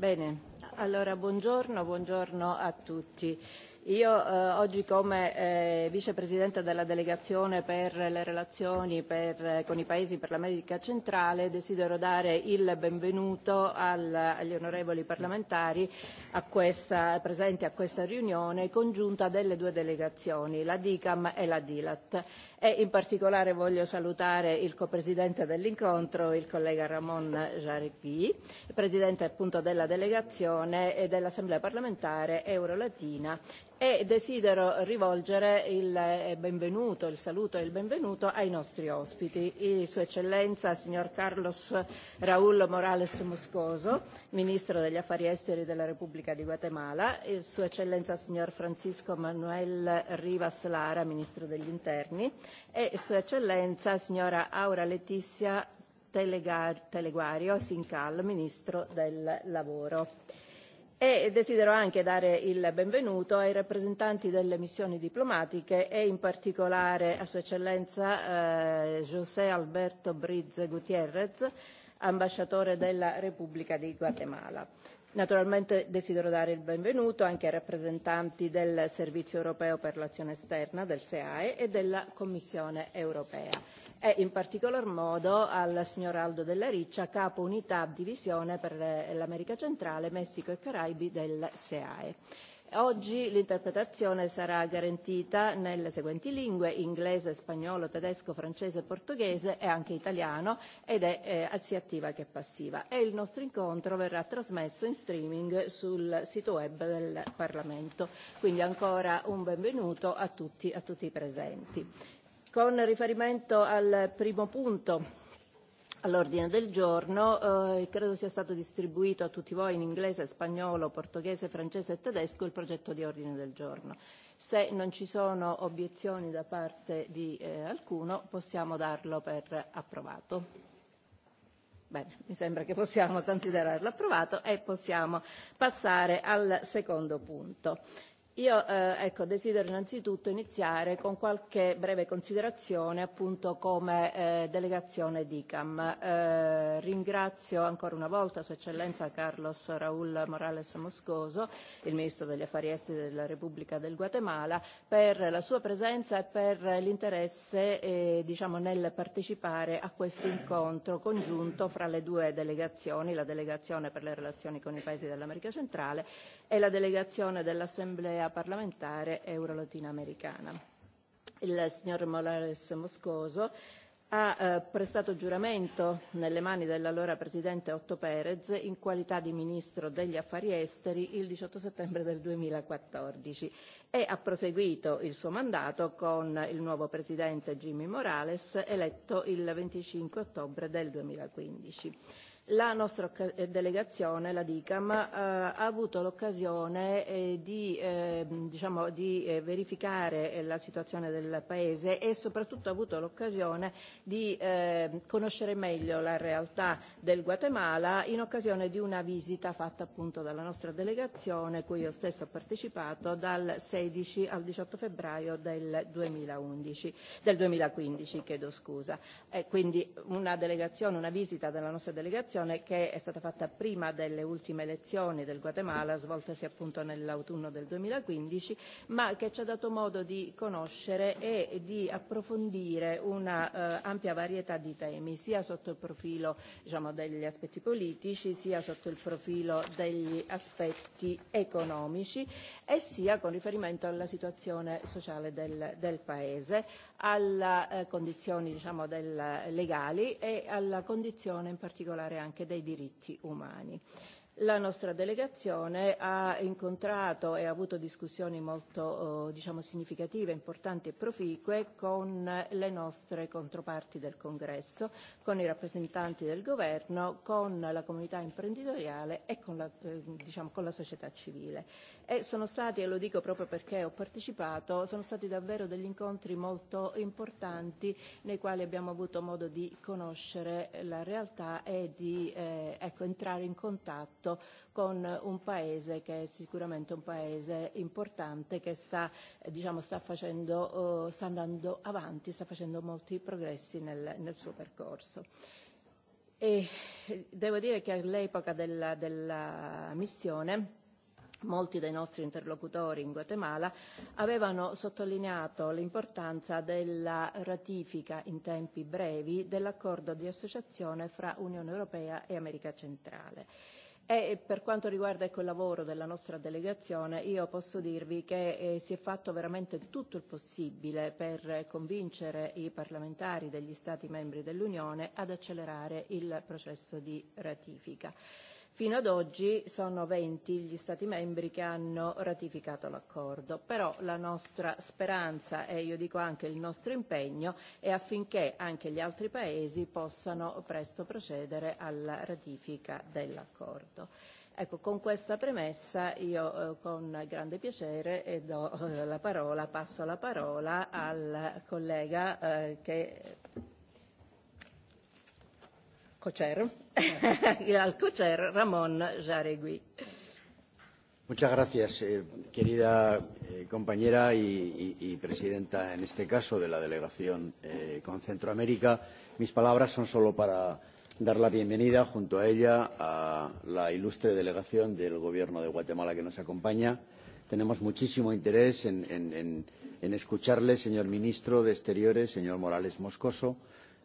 Bene, allora buongiorno, buongiorno a tutti. Io oggi come vicepresidente della delegazione per le relazioni con i paesi per l'America centrale desidero dare il benvenuto agli onorevoli parlamentari presenti a questa riunione congiunta delle due delegazioni, la DICAM e la DILAT. E in particolare voglio salutare il copresidente dell'incontro, il collega Ramon Jarequi presidente appunto della delegazione e dell'Assemblea parlamentare euro eurolatina e desidero rivolgere il benvenuto, il saluto e il benvenuto ai nostri ospiti, Sua Eccellenza signor Carlos Raúl Morales Moscoso, Ministro degli Affari Esteri della Repubblica di Guatemala, Sua Eccellenza signor Francisco Manuel Rivas Lara, Ministro degli Interni, e Sua Eccellenza signora Aura Letizia Teleguario Sincal, Ministro del Lavoro e desidero anche dare il benvenuto ai rappresentanti delle missioni diplomatiche e in particolare a Sua Eccellenza José Alberto Briz Gutiérrez, ambasciatore della Repubblica di Guatemala. Naturalmente desidero dare il benvenuto anche ai rappresentanti del Servizio europeo per l'azione esterna, del SEAE, e della Commissione europea e in particolar modo al signor Aldo Della Riccia, capo unità divisione per l'America Centrale, Messico e Caraibi del SEAE. Oggi l'interpretazione sarà garantita nelle seguenti lingue, inglese, spagnolo, tedesco, francese, portoghese e anche italiano ed è sia attiva che passiva. E il nostro incontro verrà trasmesso in streaming sul sito web del Parlamento. Quindi ancora un benvenuto a tutti, a tutti i presenti. Con riferimento al primo punto all'ordine del giorno, credo sia stato distribuito a tutti voi in inglese, spagnolo, portoghese, francese e tedesco il progetto di ordine del giorno. Se non ci sono obiezioni da parte di alcuno, possiamo darlo per approvato. Bene, mi sembra che possiamo considerarlo approvato e possiamo passare al secondo punto Io ecco desidero innanzitutto iniziare con qualche breve considerazione appunto come delegazione d'ICAM. Ringrazio ancora una volta Sua Eccellenza Carlos Raúl Morales Moscoso, il Ministro degli Affari Esteri della Repubblica del Guatemala, per la sua presenza e per l'interesse diciamo nel partecipare a questo incontro congiunto fra le due delegazioni, la delegazione per le relazioni con i paesi dell'America centrale e la delegazione dell'Assemblea parlamentare euro-latinoamericana. Il signor Morales Moscoso ha prestato giuramento nelle mani dell'allora presidente Otto Perez in qualità di ministro degli affari esteri il 18 settembre del 2014 e ha proseguito il suo mandato con il nuovo presidente Jimmy Morales eletto il 25 ottobre del 2015 La nostra delegazione, la DICAM, ha avuto l'occasione di diciamo, di verificare la situazione del Paese e soprattutto ha avuto l'occasione di conoscere meglio la realtà del Guatemala in occasione di una visita fatta appunto dalla nostra delegazione, cui io stesso ho partecipato, dal 16 al 18 febbraio del 2011, del 2015. Chiedo scusa. E Quindi una delegazione, una visita della nostra delegazione che è stata fatta prima delle ultime elezioni del Guatemala, svoltasi appunto nell'autunno del 2015, ma che ci ha dato modo di conoscere e di approfondire una ampia varietà di temi, sia sotto il profilo diciamo, degli aspetti politici, sia sotto il profilo degli aspetti economici e sia con riferimento alla situazione sociale del, del Paese, alle condizioni diciamo, del, legali e alla condizione in particolare anche dei diritti umani. La nostra delegazione ha incontrato e ha avuto discussioni molto diciamo, significative, importanti e proficue con le nostre controparti del Congresso, con i rappresentanti del governo, con la comunità imprenditoriale e con la, diciamo, con la società civile. E sono stati, e lo dico proprio perché ho partecipato, sono stati davvero degli incontri molto importanti nei quali abbiamo avuto modo di conoscere la realtà e di ecco, entrare in contatto con un paese che è sicuramente un paese importante che sta diciamo sta facendo sta andando avanti sta facendo molti progressi nel nel suo percorso e devo dire che all'epoca della della missione molti dei nostri interlocutori in Guatemala avevano sottolineato l'importanza della ratifica in tempi brevi dell'accordo di associazione fra Unione Europea e America Centrale E per quanto riguarda il lavoro della nostra delegazione, io posso dirvi che si è fatto veramente tutto il possibile per convincere i parlamentari degli Stati membri dell'Unione ad accelerare il processo di ratifica. Fino ad oggi sono 20 gli Stati membri che hanno ratificato l'accordo, però la nostra speranza e io dico anche il nostro impegno è affinché anche gli altri Paesi possano presto procedere alla ratifica dell'accordo. Ecco, con questa premessa io con grande piacere do la parola, passo la parola al collega che co Ramón Jaregui. Muchas gracias, querida compañera y presidenta, en este caso, de la delegación con Centroamérica. Mis palabras son solo para dar la bienvenida, junto a ella, a la ilustre delegación del Gobierno de Guatemala que nos acompaña. Tenemos muchísimo interés en escucharle, señor ministro de Exteriores, señor Morales Moscoso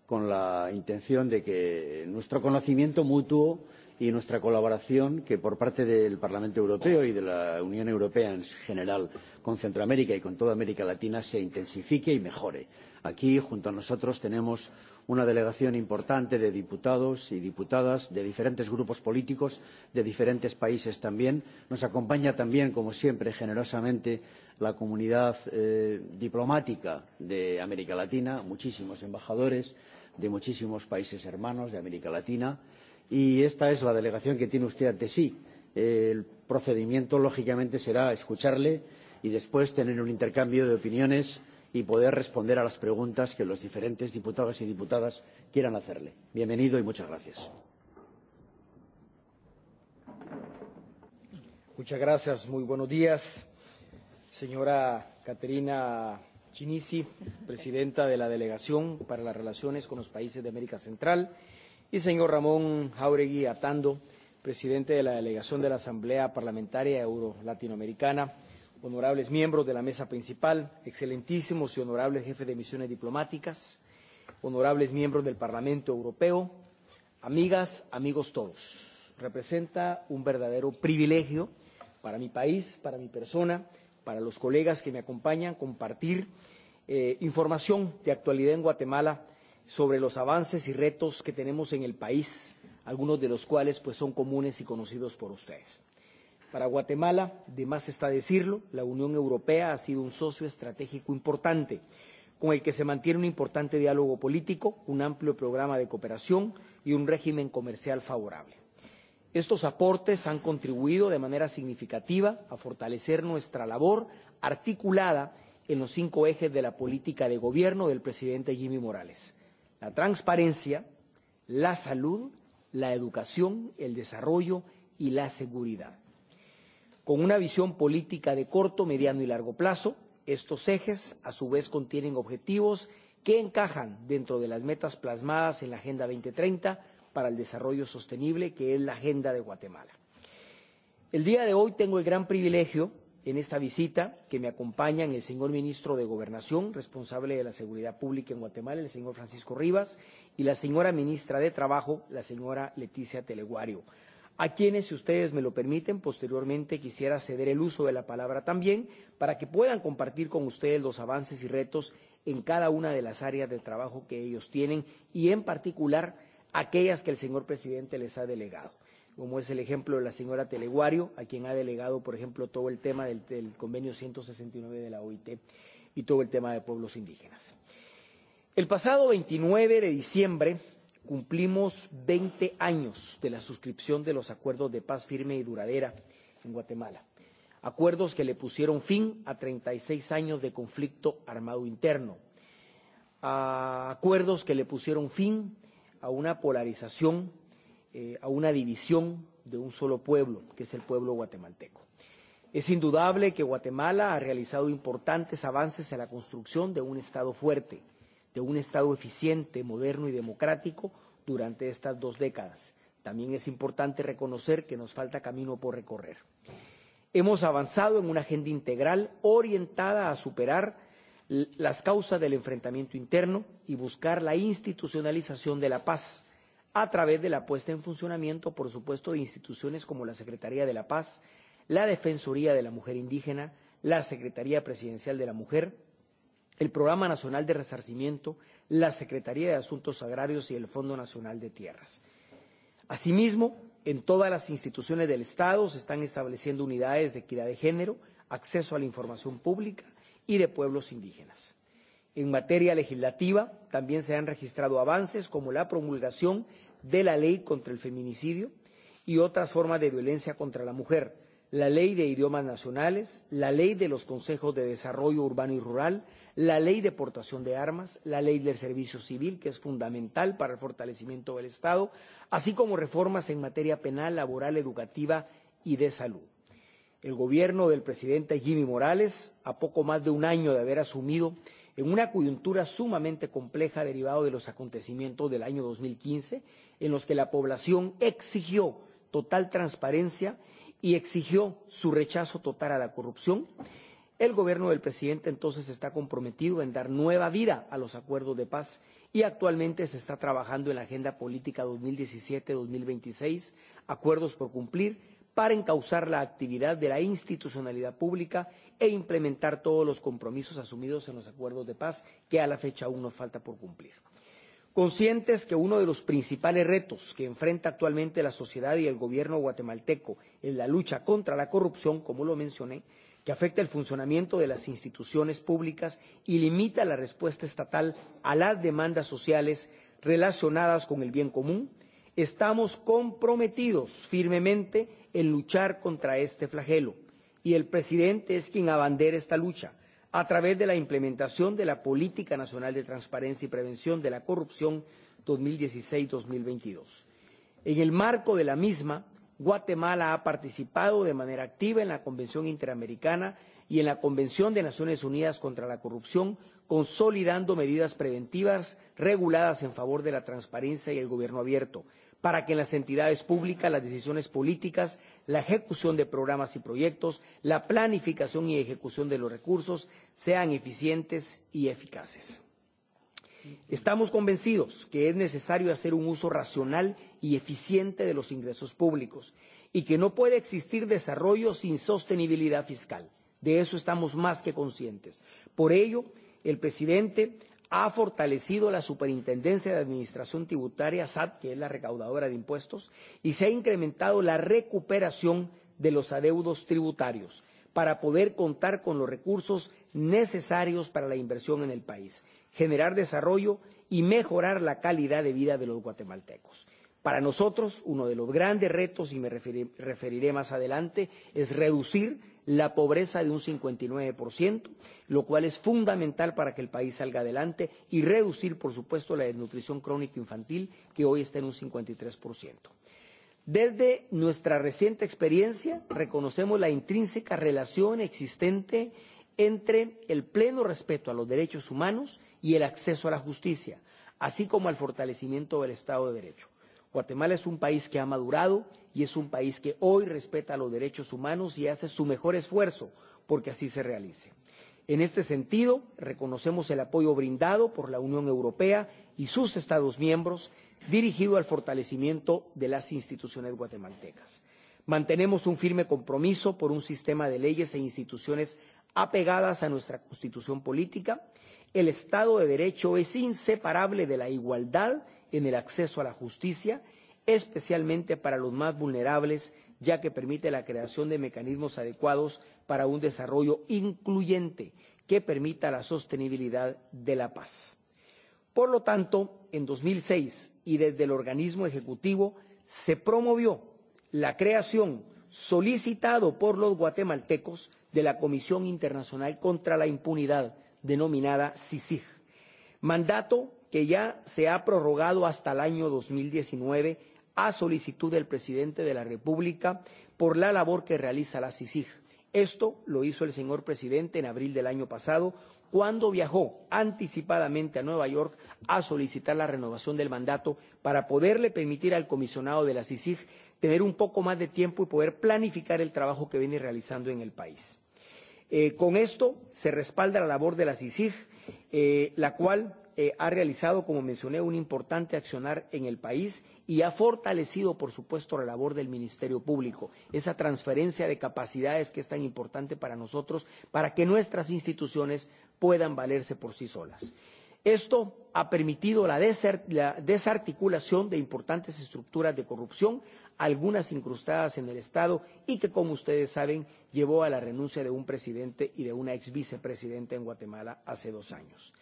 con la intención de que nuestro conocimiento mutuo y nuestra colaboración que por parte del Parlamento Europeo y de la Unión Europea en general con Centroamérica y con toda América Latina se intensifique y mejore. Aquí, junto a nosotros, tenemos una delegación importante de diputados y diputadas de diferentes grupos políticos, de diferentes países también. Nos acompaña también, como siempre, generosamente la comunidad diplomática de América Latina, muchísimos embajadores de muchísimos países hermanos de América Latina y esta es la delegación que tiene usted ante sí. El procedimiento, lógicamente, será escucharle y después tener un intercambio de opiniones y poder responder a las preguntas que los diferentes diputados y diputadas quieran hacerle. Bienvenido y muchas gracias. Muchas gracias. Muy buenos días. Señora Caterina Chinisi, presidenta de la Delegación para las Relaciones con los Países de América Central y señor Ramón Jauregui Atando, presidente de la Delegación de la Asamblea Parlamentaria Euro-Latinoamericana, honorables miembros de la mesa principal, excelentísimos y honorables jefes de misiones diplomáticas, honorables miembros del Parlamento Europeo, amigas, amigos todos. Representa un verdadero privilegio para mi país, para mi persona, para los colegas que me acompañan, compartir información de actualidad en Guatemala sobre los avances y retos que tenemos en el país, algunos de los cuales pues son comunes y conocidos por ustedes. Para Guatemala, de más está decirlo, la Unión Europea ha sido un socio estratégico importante, con el que se mantiene un importante diálogo político, un amplio programa de cooperación y un régimen comercial favorable. Estos aportes han contribuido de manera significativa a fortalecer nuestra labor articulada en los cinco ejes de la política de gobierno del presidente Jimmy Morales la transparencia, la salud, la educación, el desarrollo y la seguridad. Con una visión política de corto, mediano y largo plazo, estos ejes, a su vez, contienen objetivos que encajan dentro de las metas plasmadas en la Agenda 2030 para el Desarrollo Sostenible, que es la Agenda de Guatemala. El día de hoy tengo el gran privilegio en esta visita que me acompañan el señor ministro de Gobernación, responsable de la Seguridad Pública en Guatemala, el señor Francisco Rivas, y la señora ministra de Trabajo, la señora Leticia Teleguario, a quienes, si ustedes me lo permiten, posteriormente quisiera ceder el uso de la palabra también para que puedan compartir con ustedes los avances y retos en cada una de las áreas de trabajo que ellos tienen y, en particular, aquellas que el señor presidente les ha delegado como es el ejemplo de la señora Teleguario, a quien ha delegado, por ejemplo, todo el tema del, del convenio 169 de la OIT y todo el tema de pueblos indígenas. El pasado 29 de diciembre cumplimos 20 años de la suscripción de los acuerdos de paz firme y duradera en Guatemala. Acuerdos que le pusieron fin a 36 años de conflicto armado interno. A acuerdos que le pusieron fin a una polarización a una división de un solo pueblo, que es el pueblo guatemalteco. Es indudable que Guatemala ha realizado importantes avances en la construcción de un Estado fuerte, de un Estado eficiente, moderno y democrático durante estas dos décadas. También es importante reconocer que nos falta camino por recorrer. Hemos avanzado en una agenda integral orientada a superar las causas del enfrentamiento interno y buscar la institucionalización de la paz a través de la puesta en funcionamiento, por supuesto, de instituciones como la Secretaría de la Paz, la Defensoría de la Mujer Indígena, la Secretaría Presidencial de la Mujer, el Programa Nacional de Resarcimiento, la Secretaría de Asuntos Agrarios y el Fondo Nacional de Tierras. Asimismo, en todas las instituciones del Estado se están estableciendo unidades de equidad de género, acceso a la información pública y de pueblos indígenas. En materia legislativa también se han registrado avances como la promulgación de la ley contra el feminicidio y otras formas de violencia contra la mujer, la ley de idiomas nacionales, la ley de los consejos de desarrollo urbano y rural, la ley de portación de armas, la ley del servicio civil, que es fundamental para el fortalecimiento del Estado, así como reformas en materia penal, laboral, educativa y de salud. El gobierno del presidente Jimmy Morales, a poco más de un año de haber asumido en una coyuntura sumamente compleja derivado de los acontecimientos del año 2015, en los que la población exigió total transparencia y exigió su rechazo total a la corrupción, el gobierno del presidente entonces está comprometido en dar nueva vida a los acuerdos de paz y actualmente se está trabajando en la Agenda Política 2017-2026, acuerdos por cumplir, para encauzar la actividad de la institucionalidad pública e implementar todos los compromisos asumidos en los acuerdos de paz que a la fecha aún nos falta por cumplir. Conscientes que uno de los principales retos que enfrenta actualmente la sociedad y el gobierno guatemalteco en la lucha contra la corrupción, como lo mencioné, que afecta el funcionamiento de las instituciones públicas y limita la respuesta estatal a las demandas sociales relacionadas con el bien común, Estamos comprometidos firmemente en luchar contra este flagelo y el presidente es quien abandera esta lucha a través de la implementación de la Política Nacional de Transparencia y Prevención de la Corrupción 2016-2022. En el marco de la misma, Guatemala ha participado de manera activa en la Convención Interamericana y en la Convención de Naciones Unidas contra la Corrupción, consolidando medidas preventivas reguladas en favor de la transparencia y el gobierno abierto, para que en las entidades públicas las decisiones políticas, la ejecución de programas y proyectos, la planificación y ejecución de los recursos sean eficientes y eficaces. Estamos convencidos que es necesario hacer un uso racional y eficiente de los ingresos públicos y que no puede existir desarrollo sin sostenibilidad fiscal. De eso estamos más que conscientes. Por ello, el presidente ha fortalecido la Superintendencia de Administración Tributaria, SAT, que es la recaudadora de impuestos, y se ha incrementado la recuperación de los adeudos tributarios para poder contar con los recursos necesarios para la inversión en el país, generar desarrollo y mejorar la calidad de vida de los guatemaltecos. Para nosotros, uno de los grandes retos, y me referiré más adelante, es reducir la pobreza de un 59%, lo cual es fundamental para que el país salga adelante y reducir, por supuesto, la desnutrición crónica infantil, que hoy está en un 53%. Desde nuestra reciente experiencia, reconocemos la intrínseca relación existente entre el pleno respeto a los derechos humanos y el acceso a la justicia, así como al fortalecimiento del Estado de Derecho. Guatemala es un país que ha madurado y es un país que hoy respeta los derechos humanos y hace su mejor esfuerzo porque así se realice. En este sentido, reconocemos el apoyo brindado por la Unión Europea y sus Estados miembros dirigido al fortalecimiento de las instituciones guatemaltecas. Mantenemos un firme compromiso por un sistema de leyes e instituciones apegadas a nuestra Constitución política. El Estado de Derecho es inseparable de la igualdad en el acceso a la justicia especialmente para los más vulnerables, ya que permite la creación de mecanismos adecuados para un desarrollo incluyente que permita la sostenibilidad de la paz. Por lo tanto, en 2006 y desde el organismo ejecutivo se promovió la creación, solicitado por los guatemaltecos, de la Comisión Internacional contra la Impunidad, denominada CICIG, mandato que ya se ha prorrogado hasta el año 2019 a solicitud del presidente de la República por la labor que realiza la CICIG. Esto lo hizo el señor presidente en abril del año pasado, cuando viajó anticipadamente a Nueva York a solicitar la renovación del mandato para poderle permitir al comisionado de la CICIG tener un poco más de tiempo y poder planificar el trabajo que viene realizando en el país. Con esto se respalda la labor de la CICIG, la cual ha realizado, como mencioné, un importante accionar en el país y ha fortalecido, por supuesto, la labor del Ministerio Público, esa transferencia de capacidades que es tan importante para nosotros, para que nuestras instituciones puedan valerse por sí solas. Esto ha permitido la desarticulación de importantes estructuras de corrupción, algunas incrustadas en el Estado y que, como ustedes saben, llevó a la renuncia de un presidente y de una ex vicepresidenta en Guatemala hace dos años.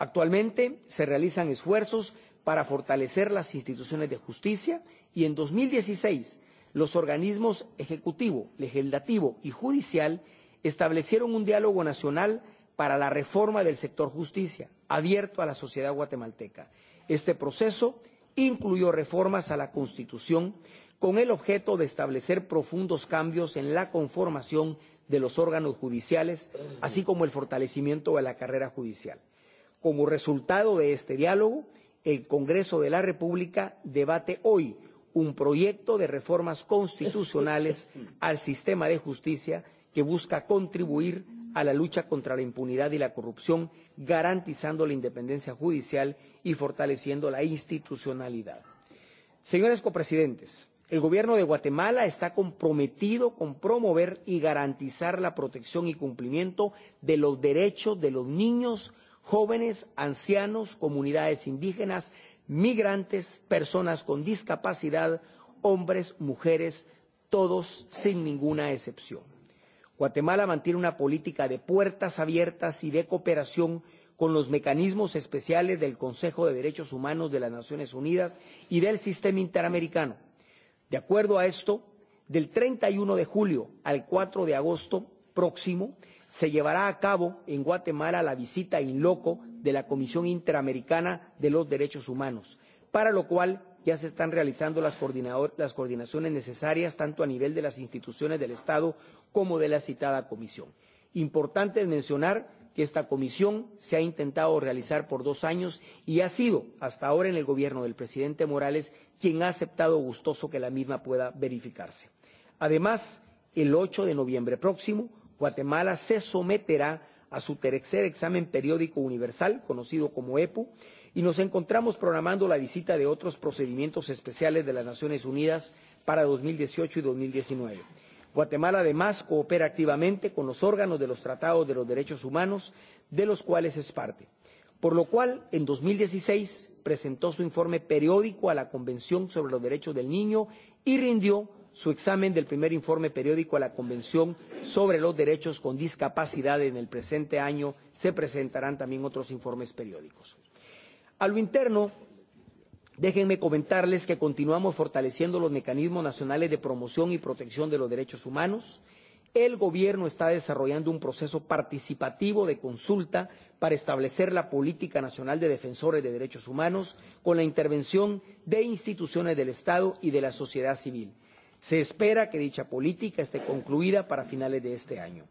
Actualmente se realizan esfuerzos para fortalecer las instituciones de justicia y en 2016 los organismos ejecutivo, legislativo y judicial establecieron un diálogo nacional para la reforma del sector justicia, abierto a la sociedad guatemalteca. Este proceso incluyó reformas a la Constitución con el objeto de establecer profundos cambios en la conformación de los órganos judiciales, así como el fortalecimiento de la carrera judicial. Como resultado de este diálogo, el Congreso de la República debate hoy un proyecto de reformas constitucionales al sistema de justicia que busca contribuir a la lucha contra la impunidad y la corrupción, garantizando la independencia judicial y fortaleciendo la institucionalidad. Señores copresidentes, el Gobierno de Guatemala está comprometido con promover y garantizar la protección y cumplimiento de los derechos de los niños, jóvenes, ancianos, comunidades indígenas, migrantes, personas con discapacidad, hombres, mujeres, todos sin ninguna excepción. Guatemala mantiene una política de puertas abiertas y de cooperación con los mecanismos especiales del Consejo de Derechos Humanos de las Naciones Unidas y del Sistema Interamericano. De acuerdo a esto, del 31 de julio al 4 de agosto próximo, se llevará a cabo en Guatemala la visita in loco de la Comisión Interamericana de los Derechos Humanos, para lo cual ya se están realizando las coordinaciones necesarias tanto a nivel de las instituciones del Estado como de la citada comisión. Importante es mencionar que esta comisión se ha intentado realizar por dos años y ha sido hasta ahora en el gobierno del presidente Morales quien ha aceptado gustoso que la misma pueda verificarse. Además, el 8 de noviembre próximo Guatemala se someterá a su tercer examen periódico universal, conocido como EPU, y nos encontramos programando la visita de otros procedimientos especiales de las Naciones Unidas para 2018 y 2019. Guatemala, además, coopera activamente con los órganos de los tratados de los derechos humanos, de los cuales es parte, por lo cual, en 2016, presentó su informe periódico a la Convención sobre los Derechos del Niño y rindió su examen del primer informe periódico a la Convención sobre los Derechos con Discapacidad en el presente año, se presentarán también otros informes periódicos. A lo interno, déjenme comentarles que continuamos fortaleciendo los mecanismos nacionales de promoción y protección de los derechos humanos. El Gobierno está desarrollando un proceso participativo de consulta para establecer la política nacional de defensores de derechos humanos con la intervención de instituciones del Estado y de la sociedad civil. Se espera que dicha política esté concluida para finales de este año.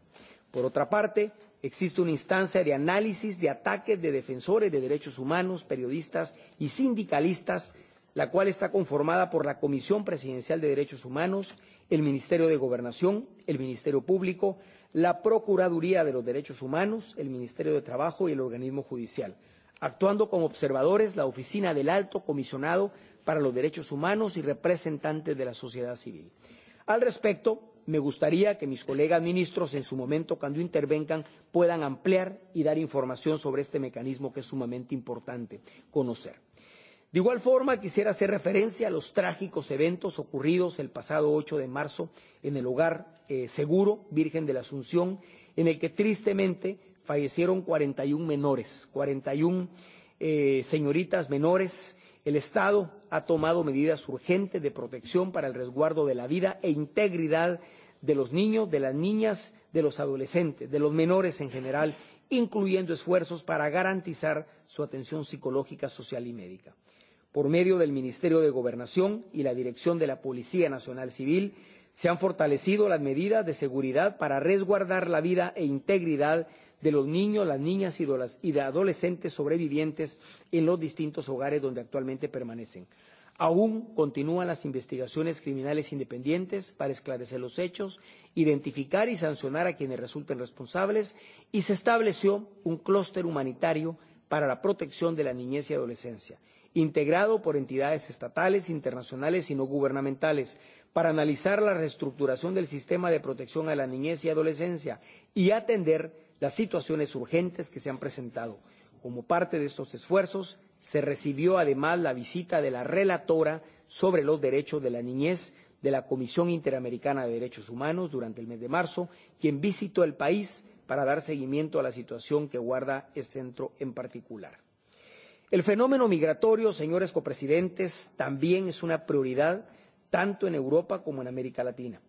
Por otra parte, existe una instancia de análisis de ataques de defensores de derechos humanos, periodistas y sindicalistas, la cual está conformada por la Comisión Presidencial de Derechos Humanos, el Ministerio de Gobernación, el Ministerio Público, la Procuraduría de los Derechos Humanos, el Ministerio de Trabajo y el Organismo Judicial, actuando como observadores la Oficina del Alto Comisionado para los Derechos Humanos y representantes de la sociedad civil. Al respecto, me gustaría que mis colegas ministros, en su momento, cuando intervengan, puedan ampliar y dar información sobre este mecanismo que es sumamente importante conocer. De igual forma, quisiera hacer referencia a los trágicos eventos ocurridos el pasado 8 de marzo en el hogar seguro Virgen de la Asunción, en el que tristemente fallecieron 41 menores, 41 señoritas menores el Estado ha tomado medidas urgentes de protección para el resguardo de la vida e integridad de los niños, de las niñas, de los adolescentes, de los menores en general, incluyendo esfuerzos para garantizar su atención psicológica, social y médica. Por medio del Ministerio de Gobernación y la Dirección de la Policía Nacional Civil, se han fortalecido las medidas de seguridad para resguardar la vida e integridad de los niños, las niñas y de adolescentes sobrevivientes en los distintos hogares donde actualmente permanecen. Aún continúan las investigaciones criminales independientes para esclarecer los hechos, identificar y sancionar a quienes resulten responsables y se estableció un clúster humanitario para la protección de la niñez y adolescencia, integrado por entidades estatales, internacionales y no gubernamentales, para analizar la reestructuración del sistema de protección a la niñez y adolescencia y atender las situaciones urgentes que se han presentado. Como parte de estos esfuerzos, se recibió además la visita de la relatora sobre los derechos de la niñez de la Comisión Interamericana de Derechos Humanos durante el mes de marzo, quien visitó el país para dar seguimiento a la situación que guarda este centro en particular. El fenómeno migratorio, señores copresidentes, también es una prioridad tanto en Europa como en América Latina.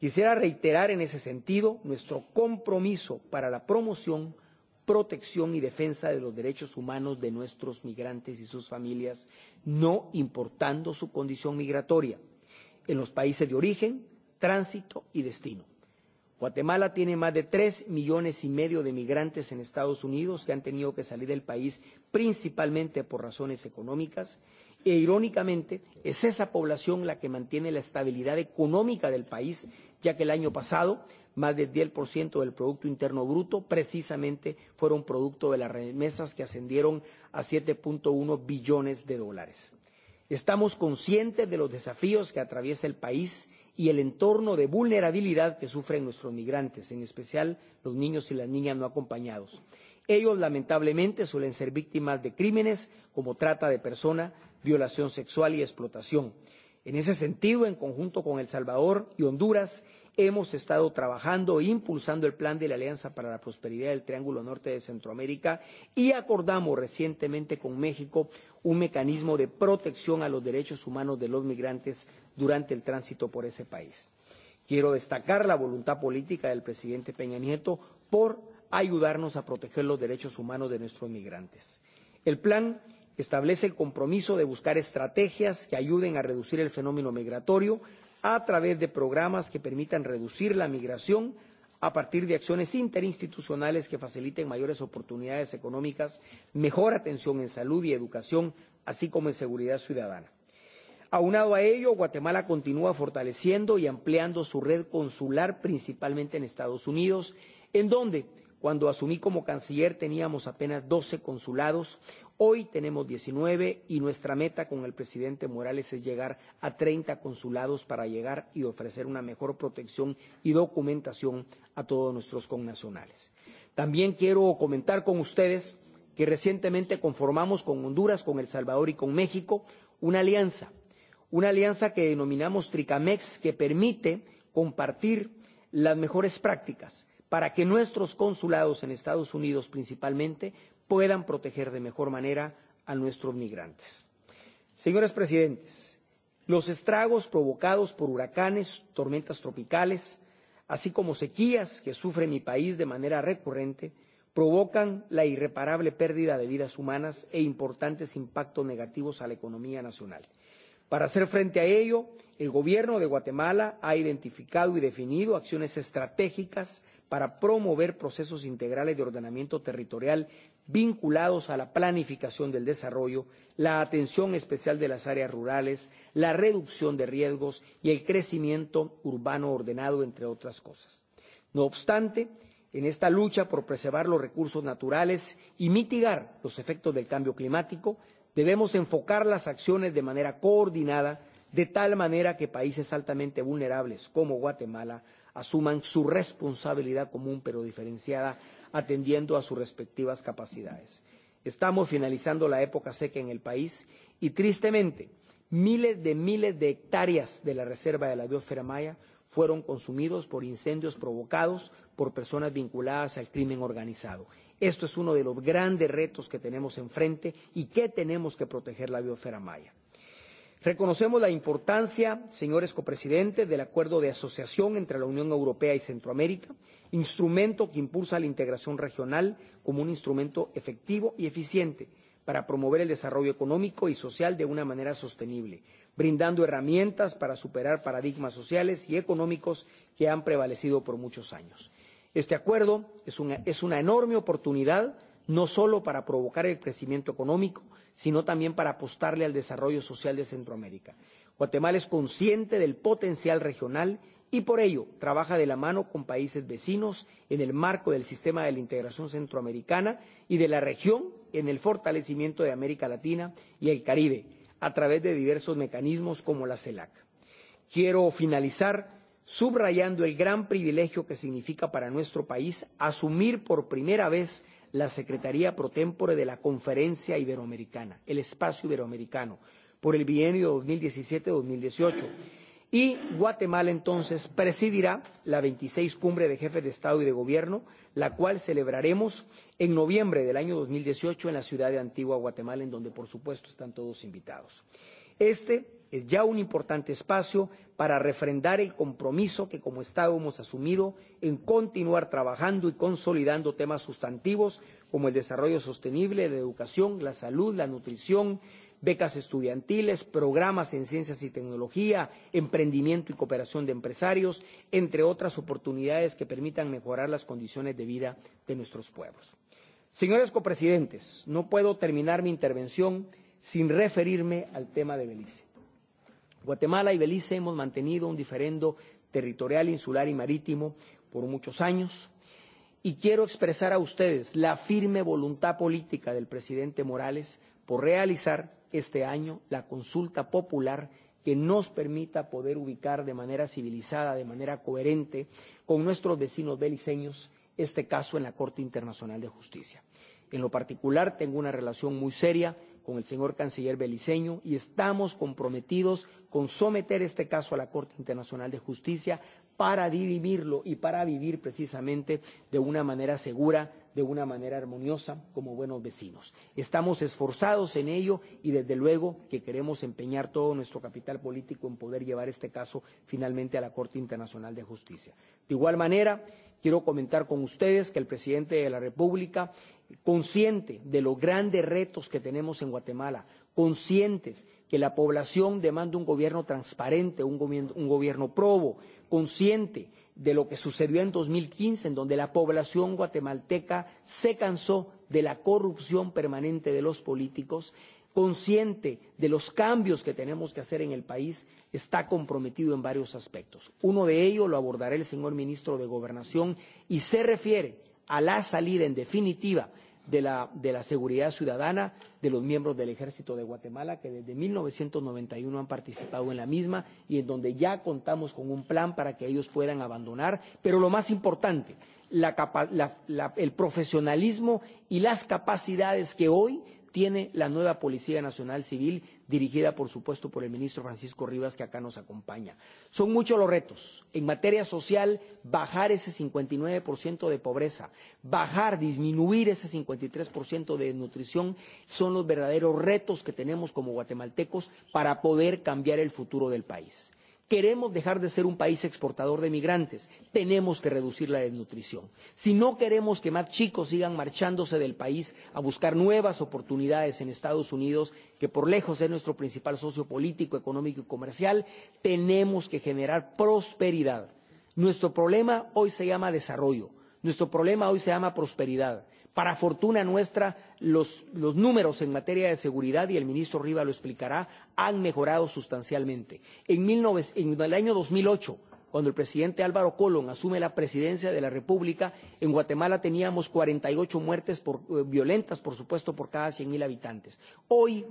Quisiera reiterar en ese sentido nuestro compromiso para la promoción, protección y defensa de los derechos humanos de nuestros migrantes y sus familias, no importando su condición migratoria, en los países de origen, tránsito y destino. Guatemala tiene más de tres millones y medio de migrantes en Estados Unidos que han tenido que salir del país principalmente por razones económicas E irónicamente, es esa población la que mantiene la estabilidad económica del país, ya que el año pasado más del 10% del Producto Interno Bruto precisamente fueron producto de las remesas que ascendieron a 7.1 billones de dólares. Estamos conscientes de los desafíos que atraviesa el país y el entorno de vulnerabilidad que sufren nuestros migrantes, en especial los niños y las niñas no acompañados. Ellos, lamentablemente, suelen ser víctimas de crímenes como trata de persona, violación sexual y explotación. En ese sentido, en conjunto con El Salvador y Honduras, hemos estado trabajando e impulsando el plan de la Alianza para la Prosperidad del Triángulo Norte de Centroamérica y acordamos recientemente con México un mecanismo de protección a los derechos humanos de los migrantes durante el tránsito por ese país. Quiero destacar la voluntad política del presidente Peña Nieto por ayudarnos a proteger los derechos humanos de nuestros migrantes. El plan establece el compromiso de buscar estrategias que ayuden a reducir el fenómeno migratorio a través de programas que permitan reducir la migración a partir de acciones interinstitucionales que faciliten mayores oportunidades económicas, mejor atención en salud y educación, así como en seguridad ciudadana. Aunado a ello, Guatemala continúa fortaleciendo y ampliando su red consular, principalmente en Estados Unidos, en donde Cuando asumí como canciller teníamos apenas 12 consulados, hoy tenemos 19 y nuestra meta con el presidente Morales es llegar a 30 consulados para llegar y ofrecer una mejor protección y documentación a todos nuestros connacionales. También quiero comentar con ustedes que recientemente conformamos con Honduras, con El Salvador y con México una alianza, una alianza que denominamos Tricamex que permite compartir las mejores prácticas para que nuestros consulados en Estados Unidos principalmente puedan proteger de mejor manera a nuestros migrantes. Señores presidentes, los estragos provocados por huracanes, tormentas tropicales, así como sequías que sufre mi país de manera recurrente, provocan la irreparable pérdida de vidas humanas e importantes impactos negativos a la economía nacional. Para hacer frente a ello, el Gobierno de Guatemala ha identificado y definido acciones estratégicas para promover procesos integrales de ordenamiento territorial vinculados a la planificación del desarrollo, la atención especial de las áreas rurales, la reducción de riesgos y el crecimiento urbano ordenado, entre otras cosas. No obstante, en esta lucha por preservar los recursos naturales y mitigar los efectos del cambio climático, debemos enfocar las acciones de manera coordinada, de tal manera que países altamente vulnerables como Guatemala asuman su responsabilidad común pero diferenciada atendiendo a sus respectivas capacidades. Estamos finalizando la época seca en el país y tristemente miles de miles de hectáreas de la reserva de la biosfera maya fueron consumidos por incendios provocados por personas vinculadas al crimen organizado. Esto es uno de los grandes retos que tenemos enfrente y que tenemos que proteger la biosfera maya. Reconocemos la importancia, señores copresidentes, del acuerdo de asociación entre la Unión Europea y Centroamérica, instrumento que impulsa la integración regional como un instrumento efectivo y eficiente para promover el desarrollo económico y social de una manera sostenible, brindando herramientas para superar paradigmas sociales y económicos que han prevalecido por muchos años. Este acuerdo es una enorme oportunidad no solo para provocar el crecimiento económico, sino también para apostarle al desarrollo social de Centroamérica. Guatemala es consciente del potencial regional y por ello trabaja de la mano con países vecinos en el marco del sistema de la integración centroamericana y de la región en el fortalecimiento de América Latina y el Caribe a través de diversos mecanismos como la CELAC. Quiero finalizar subrayando el gran privilegio que significa para nuestro país asumir por primera vez la Secretaría Pro Tempore de la Conferencia Iberoamericana, el Espacio Iberoamericano, por el bienio 2017-2018. Y Guatemala entonces presidirá la 26 cumbre de jefes de Estado y de Gobierno, la cual celebraremos en noviembre del año 2018 en la ciudad de Antigua Guatemala, en donde por supuesto están todos invitados. Este es ya un importante espacio para refrendar el compromiso que como Estado hemos asumido en continuar trabajando y consolidando temas sustantivos como el desarrollo sostenible, la educación, la salud, la nutrición, becas estudiantiles, programas en ciencias y tecnología, emprendimiento y cooperación de empresarios, entre otras oportunidades que permitan mejorar las condiciones de vida de nuestros pueblos. Señores copresidentes, no puedo terminar mi intervención sin referirme al tema de Belice. Guatemala y Belice hemos mantenido un diferendo territorial, insular y marítimo por muchos años y quiero expresar a ustedes la firme voluntad política del presidente Morales por realizar este año la consulta popular que nos permita poder ubicar de manera civilizada, de manera coherente con nuestros vecinos beliceños este caso en la Corte Internacional de Justicia. En lo particular, tengo una relación muy seria con el señor canciller beliceño y estamos comprometidos con someter este caso a la Corte Internacional de Justicia para dirimirlo y para vivir precisamente de una manera segura, de una manera armoniosa, como buenos vecinos. Estamos esforzados en ello y desde luego que queremos empeñar todo nuestro capital político en poder llevar este caso finalmente a la Corte Internacional de Justicia. De igual manera, quiero comentar con ustedes que el presidente de la República, consciente de los grandes retos que tenemos en Guatemala, conscientes que la población demanda un gobierno transparente, un gobierno probo, consciente de lo que sucedió en 2015, en donde la población guatemalteca se cansó de la corrupción permanente de los políticos, consciente de los cambios que tenemos que hacer en el país está comprometido en varios aspectos. Uno de ellos lo abordará el señor ministro de Gobernación y se refiere a la salida en definitiva de la, de la seguridad ciudadana de los miembros del Ejército de Guatemala, que desde 1991 han participado en la misma y en donde ya contamos con un plan para que ellos puedan abandonar. Pero lo más importante, la, la, la, el profesionalismo y las capacidades que hoy tiene la nueva Policía Nacional Civil, dirigida, por supuesto, por el ministro Francisco Rivas, que acá nos acompaña. Son muchos los retos. En materia social, bajar ese 59% de pobreza, bajar, disminuir ese 53% de nutrición, son los verdaderos retos que tenemos como guatemaltecos para poder cambiar el futuro del país queremos dejar de ser un país exportador de migrantes, tenemos que reducir la desnutrición. Si no queremos que más chicos sigan marchándose del país a buscar nuevas oportunidades en Estados Unidos, que por lejos es nuestro principal socio político, económico y comercial, tenemos que generar prosperidad. Nuestro problema hoy se llama desarrollo, nuestro problema hoy se llama prosperidad Para fortuna nuestra, los números en materia de seguridad, y el ministro Rivas lo explicará, han mejorado sustancialmente. En en el año 2008, cuando el presidente Álvaro Colón asume la presidencia de la República, en Guatemala teníamos 48 muertes violentas, por supuesto, por cada 100.000 habitantes. Hoy,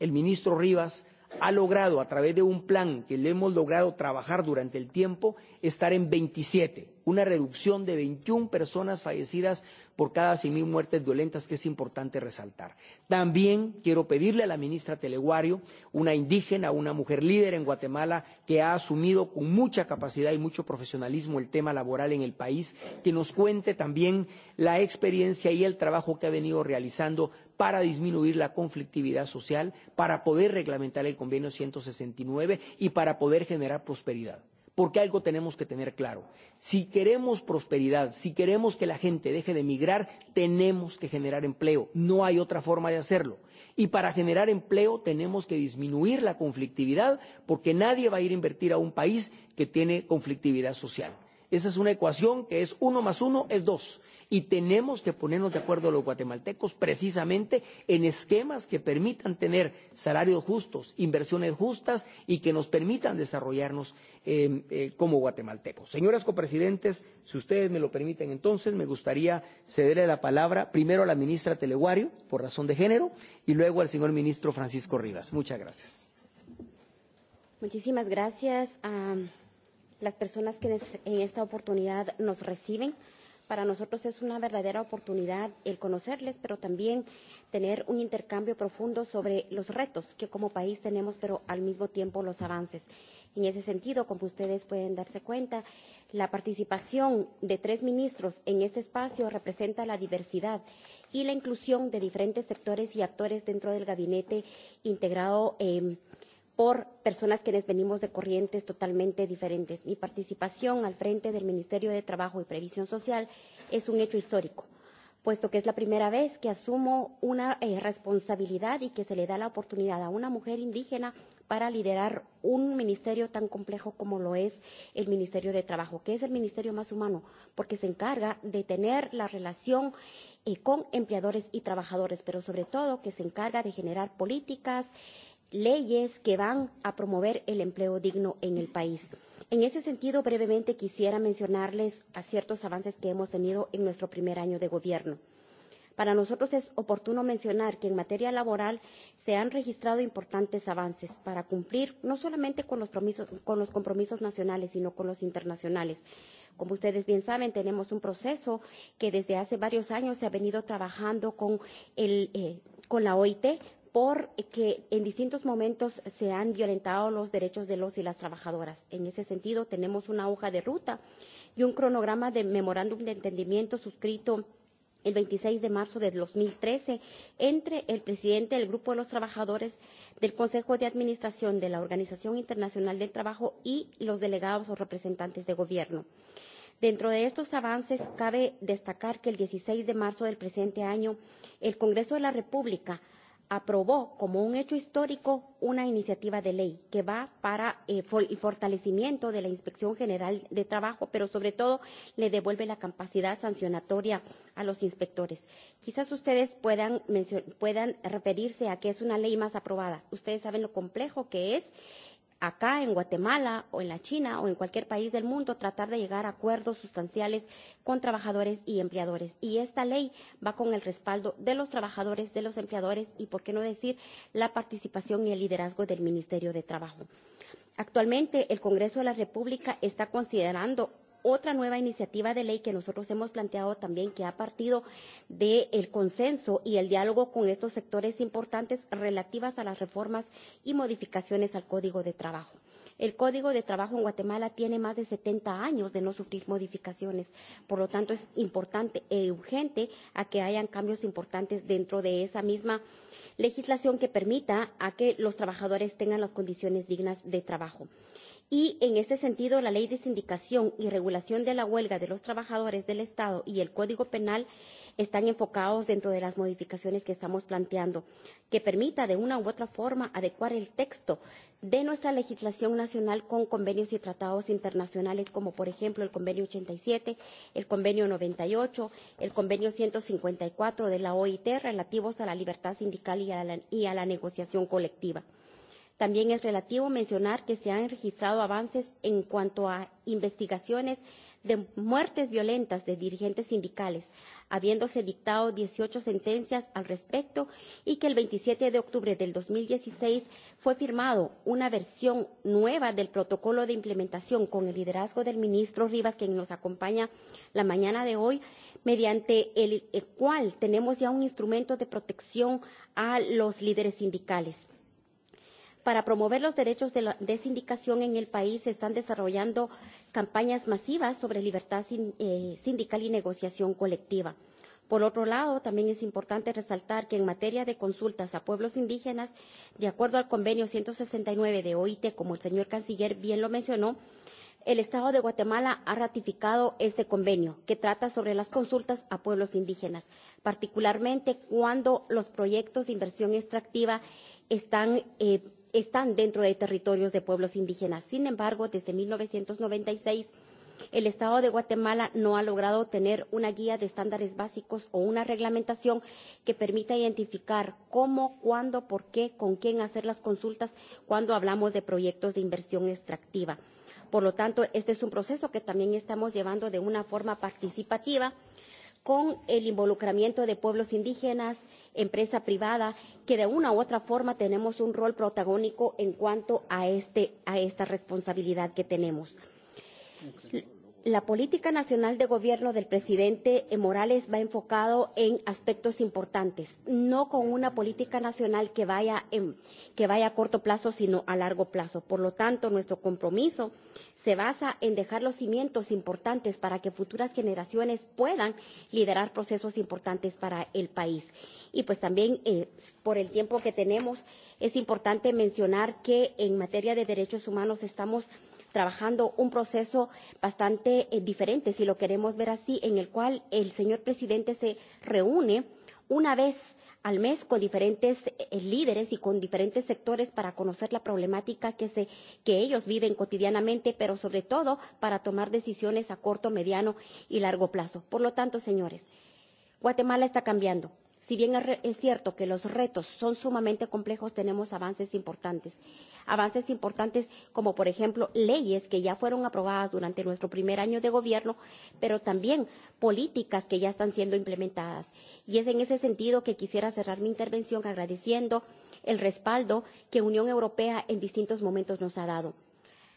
el ministro Rivas ha logrado, a través de un plan que le hemos logrado trabajar durante el tiempo, estar en 27, una reducción de 21 personas fallecidas por cada 100.000 muertes violentas que es importante resaltar. También quiero pedirle a la ministra Teleguario, una indígena, una mujer líder en Guatemala que ha asumido con mucha capacidad y mucho profesionalismo el tema laboral en el país, que nos cuente también la experiencia y el trabajo que ha venido realizando para disminuir la conflictividad social, para poder reglamentar el convenio 169 y para poder generar prosperidad. Porque algo tenemos que tener claro. Si queremos prosperidad, si queremos que la gente deje de emigrar, tenemos que generar empleo. No hay otra forma de hacerlo. Y para generar empleo tenemos que disminuir la conflictividad porque nadie va a ir a invertir a un país que tiene conflictividad social. Esa es una ecuación que es uno más uno es dos y tenemos que ponernos de acuerdo a los guatemaltecos precisamente en esquemas que permitan tener salarios justos, inversiones justas y que nos permitan desarrollarnos como guatemaltecos. Señoras copresidentes, si ustedes me lo permiten entonces, me gustaría cederle la palabra primero a la ministra Teleguario por razón de género y luego al señor ministro Francisco Rivas. Muchas gracias. Muchísimas gracias a las personas que en esta oportunidad nos reciben para nosotros es una verdadera oportunidad el conocerles, pero también tener un intercambio profundo sobre los retos que como país tenemos, pero al mismo tiempo los avances. En ese sentido, como ustedes pueden darse cuenta, la participación de tres ministros en este espacio representa la diversidad y la inclusión de diferentes sectores y actores dentro del gabinete integrado por personas quienes venimos de corrientes totalmente diferentes. Mi participación al frente del Ministerio de Trabajo y Previsión Social es un hecho histórico, puesto que es la primera vez que asumo una responsabilidad y que se le da la oportunidad a una mujer indígena para liderar un ministerio tan complejo como lo es el Ministerio de Trabajo, que es el ministerio más humano, porque se encarga de tener la relación con empleadores y trabajadores, pero sobre todo que se encarga de generar políticas leyes que van a promover el empleo digno en el país. En ese sentido, brevemente quisiera mencionarles a ciertos avances que hemos tenido en nuestro primer año de gobierno. Para nosotros es oportuno mencionar que en materia laboral se han registrado importantes avances para cumplir no solamente con los, con los compromisos nacionales, sino con los internacionales. Como ustedes bien saben, tenemos un proceso que desde hace varios años se ha venido trabajando con, el, con la OIT por que en distintos momentos se han violentado los derechos de los y las trabajadoras. En ese sentido, tenemos una hoja de ruta y un cronograma de memorándum de entendimiento suscrito el 26 de marzo de 2013 entre el presidente del Grupo de los Trabajadores del Consejo de Administración de la Organización Internacional del Trabajo y los delegados o representantes de gobierno. Dentro de estos avances, cabe destacar que el 16 de marzo del presente año, el Congreso de la República aprobó como un hecho histórico una iniciativa de ley que va para el fortalecimiento de la Inspección General de Trabajo, pero sobre todo le devuelve la capacidad sancionatoria a los inspectores. Quizás ustedes puedan, puedan referirse a que es una ley más aprobada. Ustedes saben lo complejo que es acá en Guatemala o en la China o en cualquier país del mundo tratar de llegar a acuerdos sustanciales con trabajadores y empleadores. Y esta ley va con el respaldo de los trabajadores, de los empleadores y, por qué no decir, la participación y el liderazgo del Ministerio de Trabajo. Actualmente, el Congreso de la República está considerando otra nueva iniciativa de ley que nosotros hemos planteado también, que ha partido del consenso y el diálogo con estos sectores importantes relativas a las reformas y modificaciones al Código de Trabajo. El Código de Trabajo en Guatemala tiene más de 70 años de no sufrir modificaciones. Por lo tanto, es importante e urgente a que hayan cambios importantes dentro de esa misma legislación que permita a que los trabajadores tengan las condiciones dignas de trabajo y en este sentido la ley de sindicación y regulación de la huelga de los trabajadores del estado y el código penal están enfocados dentro de las modificaciones que estamos planteando que permita de una u otra forma adecuar el texto de nuestra legislación nacional con convenios y tratados internacionales como por ejemplo el convenio 87 el convenio 98 el convenio 154 de la OIT relativos a la libertad sindical y a la negociación colectiva También es relativo mencionar que se han registrado avances en cuanto a investigaciones de muertes violentas de dirigentes sindicales, habiéndose dictado 18 sentencias al respecto y que el 27 de octubre del 2016 fue firmado una versión nueva del protocolo de implementación con el liderazgo del ministro Rivas, quien nos acompaña la mañana de hoy, mediante el cual tenemos ya un instrumento de protección a los líderes sindicales para promover los derechos de la desindicación en el país se están desarrollando campañas masivas sobre libertad sindical y negociación colectiva. Por otro lado, también es importante resaltar que en materia de consultas a pueblos indígenas, de acuerdo al convenio 169 de OIT, como el señor canciller bien lo mencionó, el Estado de Guatemala ha ratificado este convenio que trata sobre las consultas a pueblos indígenas, particularmente cuando los proyectos de inversión extractiva están están dentro de territorios de pueblos indígenas. Sin embargo, desde 1996, el Estado de Guatemala no ha logrado tener una guía de estándares básicos o una reglamentación que permita identificar cómo, cuándo, por qué, con quién hacer las consultas cuando hablamos de proyectos de inversión extractiva. Por lo tanto, este es un proceso que también estamos llevando de una forma participativa con el involucramiento de pueblos indígenas, empresa privada, que de una u otra forma tenemos un rol protagónico en cuanto a, este, a esta responsabilidad que tenemos. La política nacional de gobierno del presidente Morales va enfocado en aspectos importantes, no con una política nacional que vaya, que vaya a corto plazo, sino a largo plazo. Por lo tanto, nuestro compromiso se basa en dejar los cimientos importantes para que futuras generaciones puedan liderar procesos importantes para el país. Y pues también, por el tiempo que tenemos, es importante mencionar que en materia de derechos humanos estamos trabajando un proceso bastante diferente, si lo queremos ver así, en el cual el señor presidente se reúne una vez al mes con diferentes líderes y con diferentes sectores para conocer la problemática que se que ellos viven cotidianamente, pero sobre todo para tomar decisiones a corto, mediano y largo plazo. Por lo tanto, señores, Guatemala está cambiando Si bien es cierto que los retos son sumamente complejos, tenemos avances importantes. Avances importantes como, por ejemplo, leyes que ya fueron aprobadas durante nuestro primer año de gobierno, pero también políticas que ya están siendo implementadas. Y es en ese sentido que quisiera cerrar mi intervención agradeciendo el respaldo que Unión Europea en distintos momentos nos ha dado.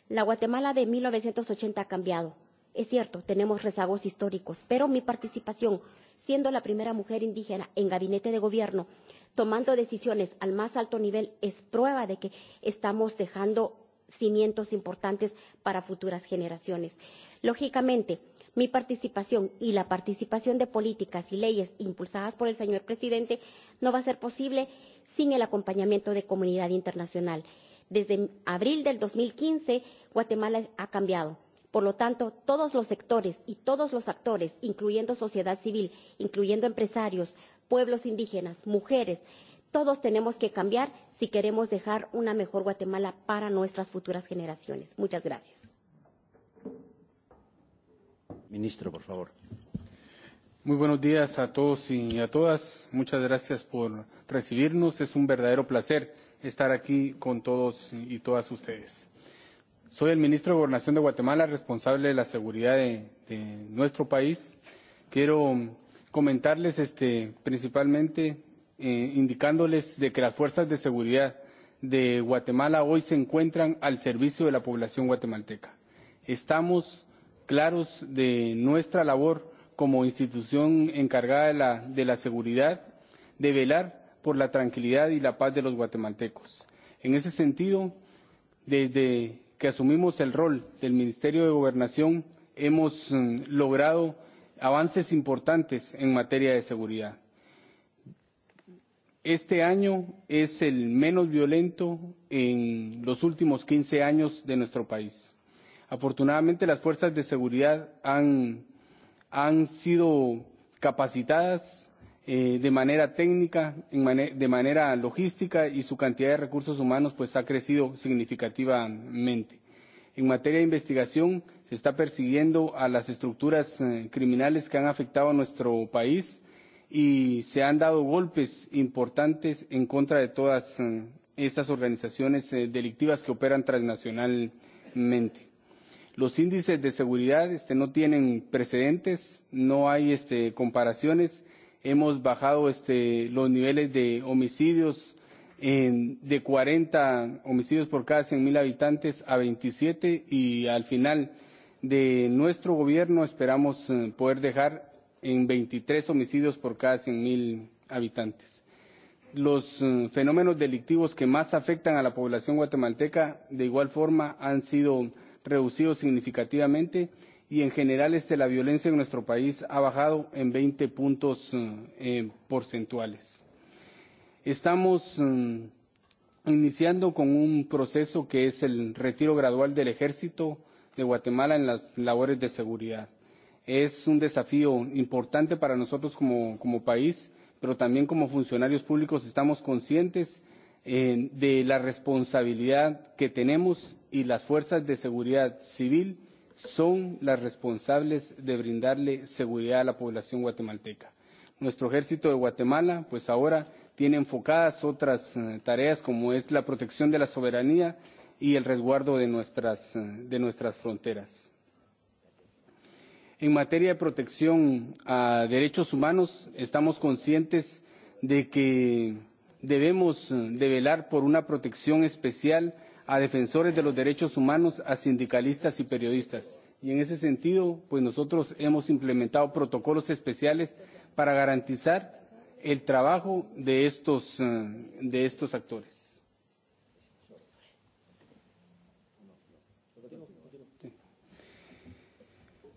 La Guatemala de 1980 ha cambiado Es cierto, tenemos rezagos históricos, pero mi participación, siendo la primera mujer indígena en gabinete de gobierno, tomando decisiones al más alto nivel, es prueba de que estamos dejando cimientos importantes para futuras generaciones. Lógicamente, mi participación y la participación de políticas y leyes impulsadas por el señor presidente no va a ser posible sin el acompañamiento de comunidad internacional. Desde abril del 2015, Guatemala ha cambiado Por lo tanto, todos los sectores y todos los actores, incluyendo sociedad civil, incluyendo empresarios, pueblos indígenas, mujeres, todos tenemos que cambiar si queremos dejar una mejor Guatemala para nuestras futuras generaciones. Muchas gracias. Ministro, por favor. Muy buenos días a todos y a todas. Muchas gracias por recibirnos. Es un verdadero placer estar aquí con todos y todas ustedes. Soy el ministro de Gobernación de Guatemala, responsable de la seguridad de, nuestro país. Quiero comentarles este, principalmente indicándoles de que las fuerzas de seguridad de Guatemala hoy se encuentran al servicio de la población guatemalteca. Estamos claros de nuestra labor como institución encargada de la, de la seguridad, de velar por la tranquilidad y la paz de los guatemaltecos. En ese sentido, desde que asumimos el rol del Ministerio de Gobernación hemos logrado avances importantes en materia de seguridad. Este año es el menos violento en los últimos 15 años de nuestro país. Afortunadamente, las fuerzas de seguridad han, han sido capacitadas de manera técnica, de manera logística y su cantidad de recursos humanos pues ha crecido significativamente. En materia de investigación se está persiguiendo a las estructuras criminales que han afectado a nuestro país y se han dado golpes importantes en contra de todas estas organizaciones delictivas que operan transnacionalmente. Los índices de seguridad no tienen precedentes, no hay comparaciones hemos bajado este, los niveles de homicidios en, de 40 homicidios por cada 100.000 habitantes a 27 y al final de nuestro gobierno esperamos poder dejar en 23 homicidios por cada 100.000 habitantes. Los fenómenos delictivos que más afectan a la población guatemalteca de igual forma han sido reducidos significativamente y en general este, la violencia en nuestro país ha bajado en 20 puntos porcentuales. Estamos iniciando con un proceso que es el retiro gradual del ejército de Guatemala en las labores de seguridad. Es un desafío importante para nosotros como, como país, pero también como funcionarios públicos estamos conscientes de la responsabilidad que tenemos y las fuerzas de seguridad civil son las responsables de brindarle seguridad a la población guatemalteca. Nuestro ejército de Guatemala, pues ahora tiene enfocadas otras tareas como es la protección de la soberanía y el resguardo de nuestras, de nuestras fronteras. En materia de protección a derechos humanos, estamos conscientes de que debemos de velar por una protección especial a defensores de los derechos humanos, a sindicalistas y periodistas. Y en ese sentido, pues nosotros hemos implementado protocolos especiales para garantizar el trabajo de estos, de estos actores.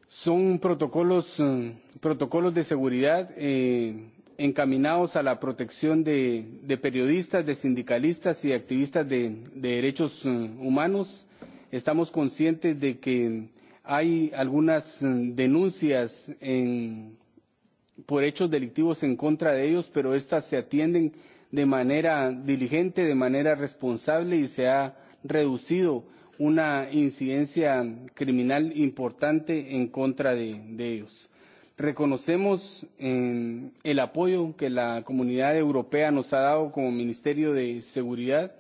Son protocolos, protocolos de seguridad eh, encaminados a la protección de periodistas, de sindicalistas y de activistas de derechos humanos. Estamos conscientes de que hay algunas denuncias por hechos delictivos en contra de ellos, pero estas se atienden de manera diligente, de manera responsable y se ha reducido una incidencia criminal importante en contra de ellos. Reconocemos el apoyo que la comunidad europea nos ha dado como Ministerio de Seguridad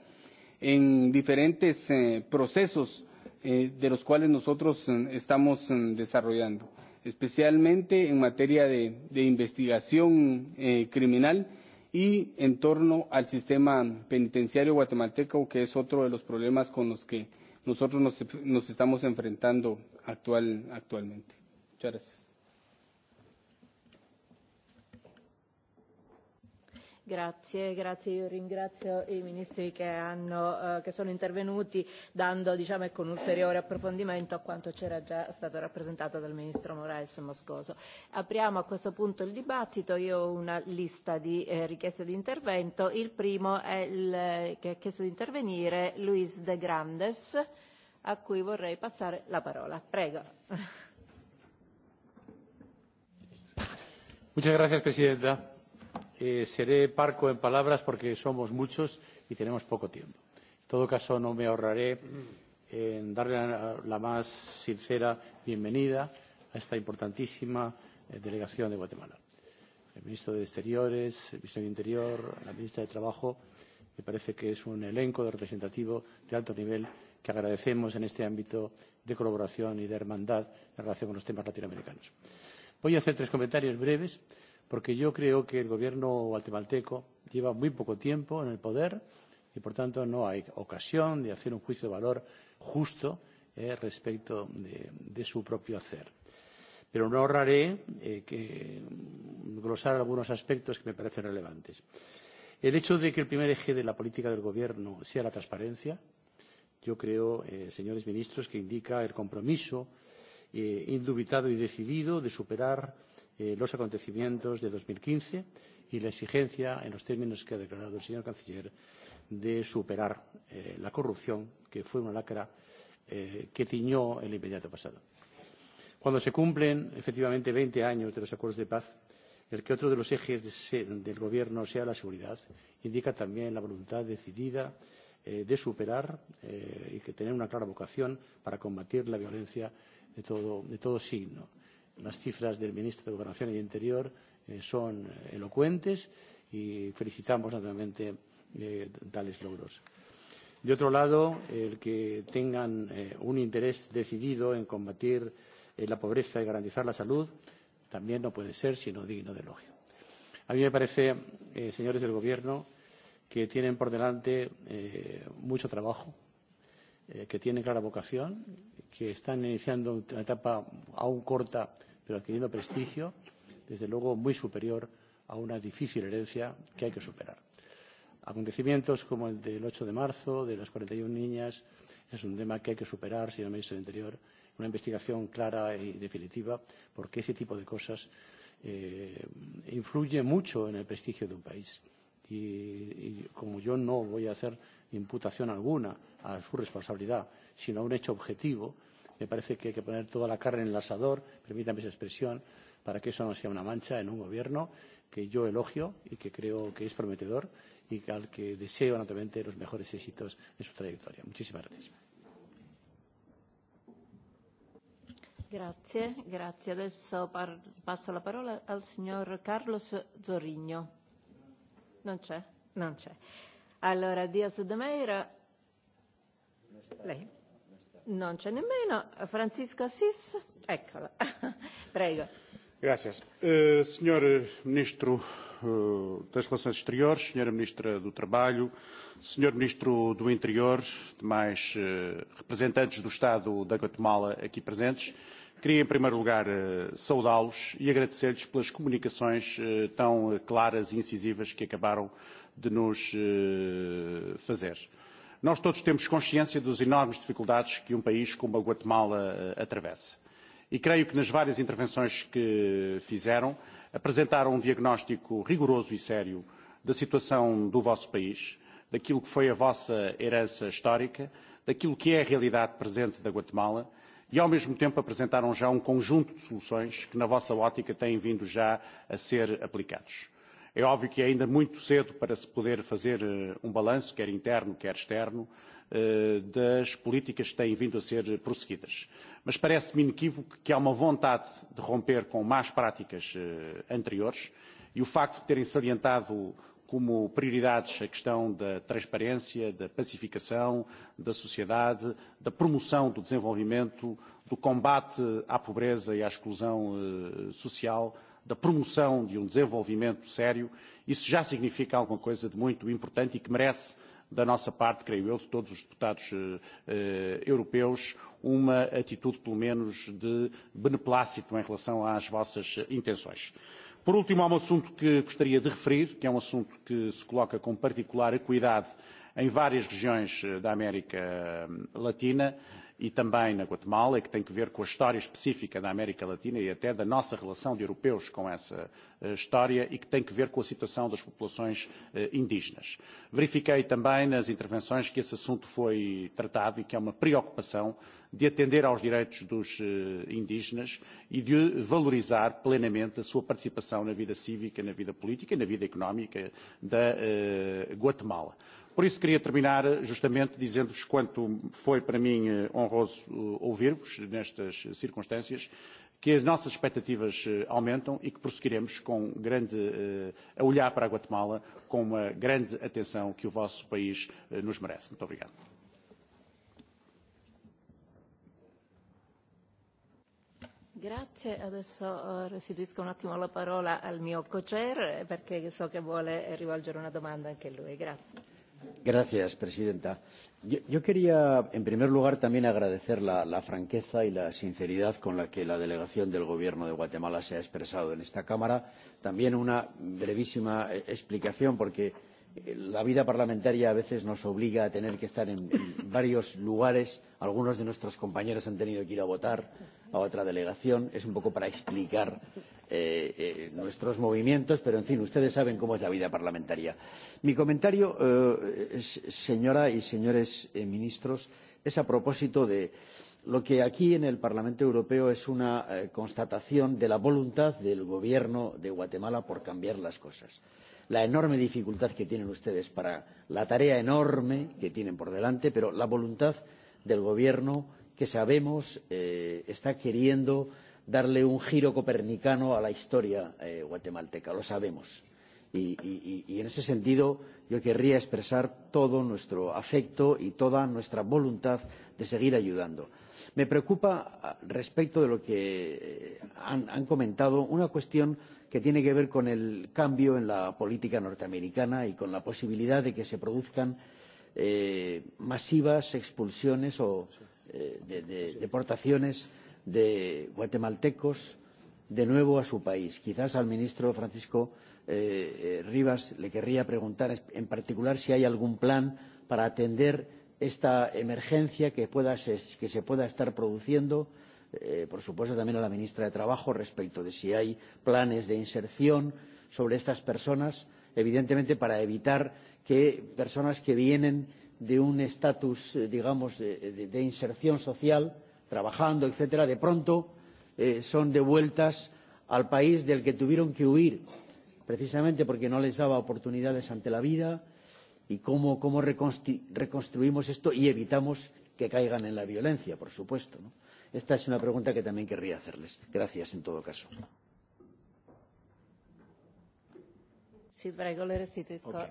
en diferentes procesos de los cuales nosotros estamos desarrollando, especialmente en materia de investigación criminal y en torno al sistema penitenciario guatemalteco, que es otro de los problemas con los que nosotros nos estamos enfrentando actualmente. Muchas gracias. Grazie, grazie. Io ringrazio i ministri che, hanno, che sono intervenuti dando diciamo, ecco, ulteriore approfondimento a quanto c'era già stato rappresentato dal ministro Moraes Moscoso. Apriamo a questo punto il dibattito. Io ho una lista di richieste di intervento. Il primo è il, che ha chiesto di intervenire Luis De Grandes, a cui vorrei passare la parola. Prego. Muchas gracias, Presidenta seré parco en palabras porque somos muchos y tenemos poco tiempo. En todo caso, no me ahorraré en darle la más sincera bienvenida a esta importantísima delegación de Guatemala. El ministro de Exteriores, el ministro de Interior, la ministra de Trabajo, me parece que es un elenco de representativo de alto nivel que agradecemos en este ámbito de colaboración y de hermandad en relación con los temas latinoamericanos. Voy a hacer tres comentarios breves porque yo creo que el gobierno guatemalteco lleva muy poco tiempo en el poder y, por tanto, no hay ocasión de hacer un juicio de valor justo respecto de su propio hacer. Pero no ahorraré que glosar algunos aspectos que me parecen relevantes. El hecho de que el primer eje de la política del Gobierno sea la transparencia, yo creo, señores ministros, que indica el compromiso indubitado y decidido de superar los acontecimientos de 2015 y la exigencia, en los términos que ha declarado el señor canciller, de superar la corrupción, que fue una lacra que tiñó el inmediato pasado. Cuando se cumplen, efectivamente, 20 años de los acuerdos de paz, el que otro de los ejes del Gobierno sea la seguridad, indica también la voluntad decidida de superar y que tener una clara vocación para combatir la violencia de todo signo las cifras del ministro de Gobernación y Interior son elocuentes y felicitamos naturalmente tales logros. De otro lado, el que tengan un interés decidido en combatir la pobreza y garantizar la salud también no puede ser sino digno de elogio. A mí me parece, señores del Gobierno, que tienen por delante mucho trabajo, que tienen clara vocación, que están iniciando una etapa aún corta pero adquiriendo prestigio, desde luego muy superior a una difícil herencia que hay que superar. Acontecimientos como el del 8 de marzo, de las 41 niñas, es un tema que hay que superar, señor ministro del Interior, una investigación clara y definitiva, porque ese tipo de cosas eh, influye mucho en el prestigio de un país. Y, y como yo no voy a hacer imputación alguna a su responsabilidad, sino a un hecho objetivo, Me parece que hay que poner toda la carne en el asador, permítame esa expresión, para que eso no sea una mancha en un gobierno que yo elogio y que creo que es prometedor y al que deseo naturalmente los mejores éxitos en su trayectoria. Muchísimas gracias. Grazie, grazie. Adesso passo la parola al signor Carlos Zorrigno. Non c'è? Non c'è. Allora, de Meira. Lei non c'è nemmeno francisco assis eccola prego Gracias. Senhor Ministro das Relações Exteriores, Senhora Ministra do Trabalho, Senhor Ministro do Interior, demais representantes do Estado da Guatemala aqui presentes, queria em primeiro lugar saudá-los e agradecer-lhes pelas comunicações tão claras e incisivas que acabaram de nos fazer. Nós todos temos consciência das enormes dificuldades que um país como a Guatemala atravessa. E creio que nas várias intervenções que fizeram, apresentaram um diagnóstico rigoroso e sério da situação do vosso país, daquilo que foi a vossa herança histórica, daquilo que é a realidade presente da Guatemala e, ao mesmo tempo, apresentaram já um conjunto de soluções que, na vossa ótica, têm vindo já a ser aplicados. É óbvio que é ainda muito cedo para se poder fazer um balanço, quer interno, quer externo, das políticas que têm vindo a ser prosseguidas. Mas parece-me inequívoco que há uma vontade de romper com más práticas anteriores e o facto de terem salientado como prioridades a questão da transparência, da pacificação da sociedade, da promoção do desenvolvimento, do combate à pobreza e à exclusão social da promoção de um desenvolvimento sério, isso já significa alguma coisa de muito importante e que merece, da nossa parte, creio eu, de todos os deputados europeus, uma atitude, pelo menos, de beneplácito em relação às vossas intenções. Por último, há um assunto que gostaria de referir, que é um assunto que se coloca com particular acuidade em várias regiões da América Latina e também na Guatemala, que tem que ver com a história específica da América Latina e até da nossa relação de europeus com essa história e que tem que ver com a situação das populações indígenas. Verifiquei também nas intervenções que esse assunto foi tratado e que é uma preocupação de atender aos direitos dos indígenas e de valorizar plenamente a sua participação na vida cívica, na vida política e na vida económica da Guatemala. Por isso, queria terminar justamente dizendo-vos quanto foi para mim honroso ouvir-vos nestas circunstâncias, que as nossas expectativas aumentam e que prosseguiremos com grande, a olhar para a Guatemala com uma grande atenção que o vosso país nos merece. Muito obrigado. Grazie, adesso restituisco un attimo la parola al mio co-chair perché so che vuole rivolgere una domanda anche lui. Grazie. Señora presidenta. Yo quería, en primer lugar, también agradecer la franqueza y la sinceridad con la que la delegación del Gobierno de Guatemala se ha expresado en esta Cámara. También una brevísima explicación, porque la vida parlamentaria a veces nos obliga a tener que estar en varios lugares. Algunos de nuestros compañeros han tenido que ir a votar a otra delegación. Es un poco para explicar nuestros movimientos, pero en fin, ustedes saben cómo es la vida parlamentaria. Mi comentario, señora y señores ministros, es a propósito de lo que aquí en el Parlamento Europeo es una constatación de la voluntad del Gobierno de Guatemala por cambiar las cosas la enorme dificultad que tienen ustedes para la tarea enorme que tienen por delante, pero la voluntad del Gobierno que sabemos está queriendo darle un giro copernicano a la historia guatemalteca. Lo sabemos. Y en ese sentido yo querría expresar todo nuestro afecto y toda nuestra voluntad de seguir ayudando. Me preocupa, respecto de lo que han comentado, una cuestión que tiene que ver con el cambio en la política norteamericana y con la posibilidad de que se produzcan masivas expulsiones o deportaciones de guatemaltecos de nuevo a su país. Quizás al ministro Francisco Rivas le querría preguntar en particular si hay algún plan para atender esta emergencia que se pueda estar produciendo por supuesto también a la ministra de Trabajo respecto de si hay planes de inserción sobre estas personas, evidentemente para evitar que personas que vienen de un estatus, digamos, de inserción social, trabajando, etcétera, de pronto son devueltas al país del que tuvieron que huir, precisamente porque no les daba oportunidades ante la vida, y cómo reconstruimos esto y evitamos que caigan en la violencia, por supuesto. ¿no? Esta es una pregunta que también querría hacerles. Gracias, en todo caso. Sì, le restituisco la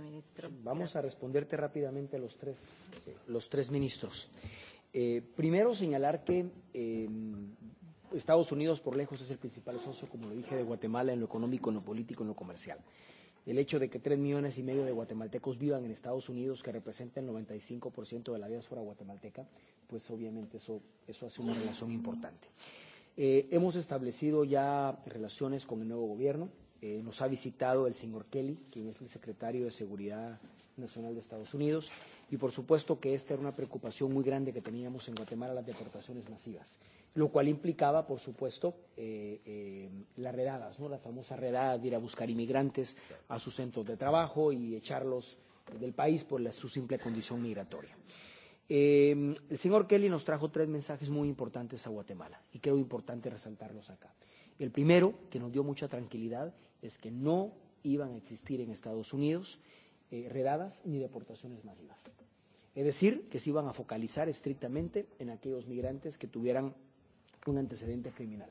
Ministro. Vamos a responderte rápidamente los tres, los tres ministros. Eh, primero, señalar que eh, Estados Unidos, por lejos, es el principal socio, como lo dije, de Guatemala en lo económico, en lo político, en lo comercial el hecho de que tres millones y medio de guatemaltecos vivan en Estados Unidos, que representa el 95% de la diáspora guatemalteca, pues obviamente eso, eso hace una relación importante. hemos establecido ya relaciones con el nuevo gobierno nos ha visitado el señor Kelly, quien es el secretario de Seguridad Nacional de Estados Unidos, y por supuesto que esta era una preocupación muy grande que teníamos en Guatemala, las deportaciones masivas, lo cual implicaba, por supuesto, eh, eh, las redadas, ¿no? la famosa redada de ir a buscar inmigrantes a sus centros de trabajo y echarlos del país por su simple condición migratoria. Eh, el señor Kelly nos trajo tres mensajes muy importantes a Guatemala y creo importante resaltarlos acá. El primero, que nos dio mucha tranquilidad, es que no iban a existir en Estados Unidos redadas ni deportaciones masivas. Es decir, que se iban a focalizar estrictamente en aquellos migrantes que tuvieran un antecedente criminal.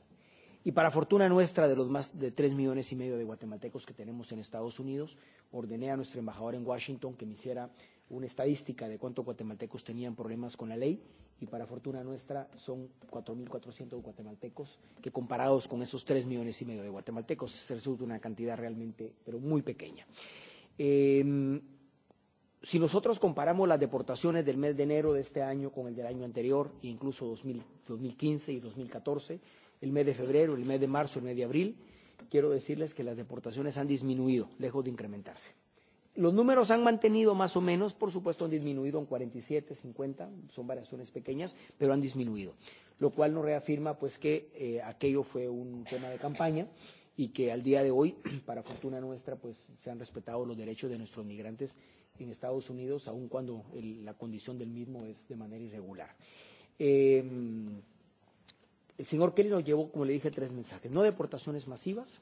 Y para fortuna nuestra, de los más de tres millones y medio de guatemaltecos que tenemos en Estados Unidos, ordené a nuestro embajador en Washington que me hiciera una estadística de cuántos guatemaltecos tenían problemas con la ley y para fortuna nuestra son 4.400 guatemaltecos, que comparados con esos 3 millones y medio de guatemaltecos se resulta una cantidad realmente, pero muy pequeña. Eh, si nosotros comparamos las deportaciones del mes de enero de este año con el del año anterior, e incluso 2000, 2015 y 2014, el mes de febrero, el mes de marzo, el mes de abril, quiero decirles que las deportaciones han disminuido, lejos de incrementarse. Los números han mantenido más o menos, por supuesto han disminuido en 47, 50, son variaciones pequeñas, pero han disminuido, lo cual nos reafirma pues que aquello fue un tema de campaña y que al día de hoy, para fortuna nuestra, pues se han respetado los derechos de nuestros migrantes en Estados Unidos, aun cuando la condición del mismo es de manera irregular. El señor Kelly nos llevó, como le dije, tres mensajes. No deportaciones masivas,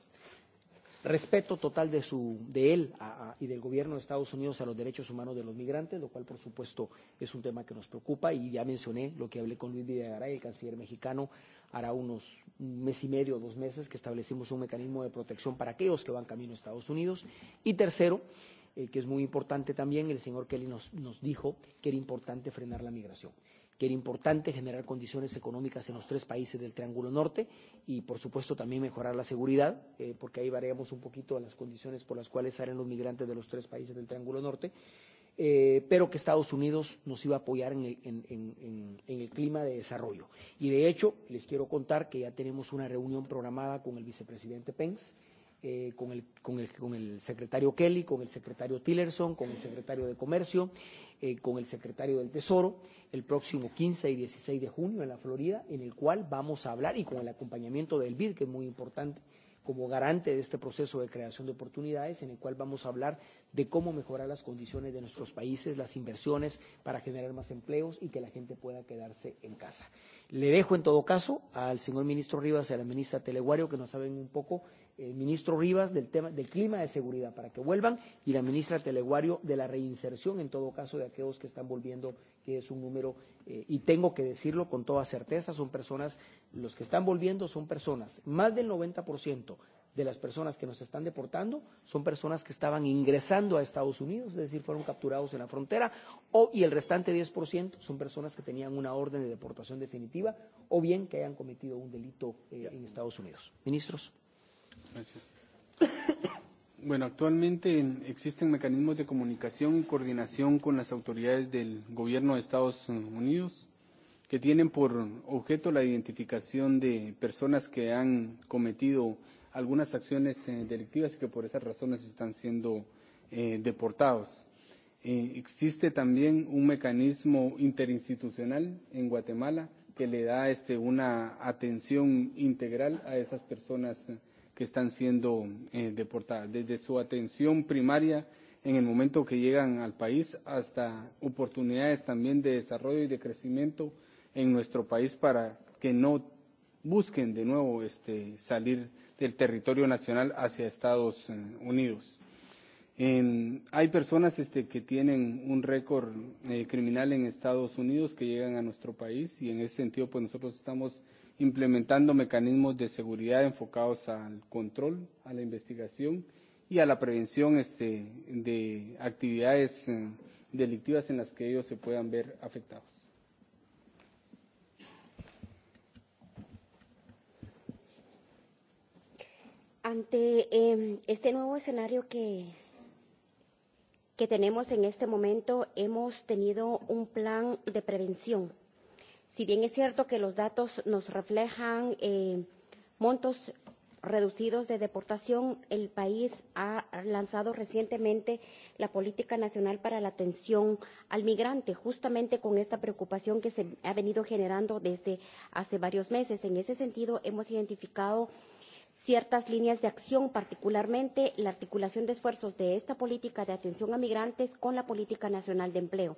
respeto total de, su, de él a, y del gobierno de Estados Unidos a los derechos humanos de los migrantes, lo cual, por supuesto, es un tema que nos preocupa. Y ya mencioné lo que hablé con Luis Videgaray, el canciller mexicano, hará unos un mes y medio, dos meses, que establecimos un mecanismo de protección para aquellos que van camino a Estados Unidos. Y tercero, eh, que es muy importante también, el señor Kelly nos, nos dijo que era importante frenar la migración que era importante generar condiciones económicas en los tres países del Triángulo Norte y, por supuesto, también mejorar la seguridad, porque ahí variamos un poquito las condiciones por las cuales salen los migrantes de los tres países del Triángulo Norte, pero que Estados Unidos nos iba a apoyar en el clima de desarrollo. Y, de hecho, les quiero contar que ya tenemos una reunión programada con el vicepresidente Pence con el con el con el secretario Kelly, con el secretario Tillerson, con el secretario de Comercio, con el secretario del Tesoro el próximo 15 y 16 de junio en la Florida, en el cual vamos a hablar y con el acompañamiento del BID, que es muy importante como garante de este proceso de creación de oportunidades, en el cual vamos a hablar de cómo mejorar las condiciones de nuestros países, las inversiones para generar más empleos y que la gente pueda quedarse en casa. Le dejo en todo caso al señor ministro Rivas y a la ministra Teleguario que nos saben un poco ministro Rivas del tema del clima de seguridad para que vuelvan y la ministra Teleguario de la reinserción en todo caso de aquellos que están volviendo que es un número y tengo que decirlo con toda certeza son personas los que están volviendo son personas más del 90% de las personas que nos están deportando son personas que estaban ingresando a Estados Unidos, es decir, fueron capturados en la frontera, o, y el restante 10% son personas que tenían una orden de deportación definitiva o bien que hayan cometido un delito en Estados Unidos. Ministros. Bueno, actualmente existen mecanismos de comunicación y coordinación con las autoridades del gobierno de Estados Unidos que tienen por objeto la identificación de personas que han cometido algunas acciones delictivas y que por esas razones están siendo deportados. Existe también un mecanismo interinstitucional en Guatemala que le da este una atención integral a esas personas que están siendo deportadas, desde su atención primaria en el momento que llegan al país hasta oportunidades también de desarrollo y de crecimiento en nuestro país para que no busquen de nuevo este salir del territorio nacional hacia Estados Unidos. Hay personas este que tienen un récord criminal en Estados Unidos que llegan a nuestro país y en ese sentido pues nosotros estamos implementando mecanismos de seguridad enfocados al control, a la investigación y a la prevención de actividades delictivas en las que ellos se puedan ver afectados. Ante este nuevo escenario que, que tenemos en este momento, hemos tenido un plan de prevención Si bien es cierto que los datos nos reflejan montos reducidos de deportación, el país ha lanzado recientemente la Política Nacional para la Atención al Migrante, justamente con esta preocupación que se ha venido generando desde hace varios meses. En ese sentido, hemos identificado ciertas líneas de acción, particularmente la articulación de esfuerzos de esta política de atención a migrantes con la Política Nacional de Empleo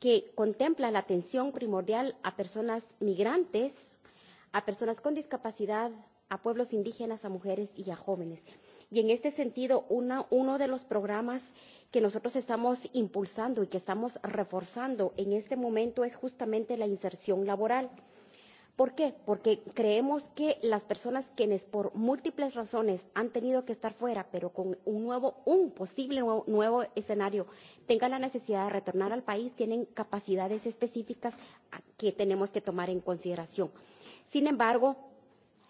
que contempla la atención primordial a personas migrantes, a personas con discapacidad, a pueblos indígenas, a mujeres y a jóvenes. Y en este sentido, uno de los programas que nosotros estamos impulsando y que estamos reforzando en este momento es justamente la inserción laboral ¿Por qué? Porque creemos que las personas quienes por múltiples razones han tenido que estar fuera, pero con un nuevo, un posible nuevo escenario, tengan la necesidad de retornar al país, tienen capacidades específicas que tenemos que tomar en consideración. Sin embargo,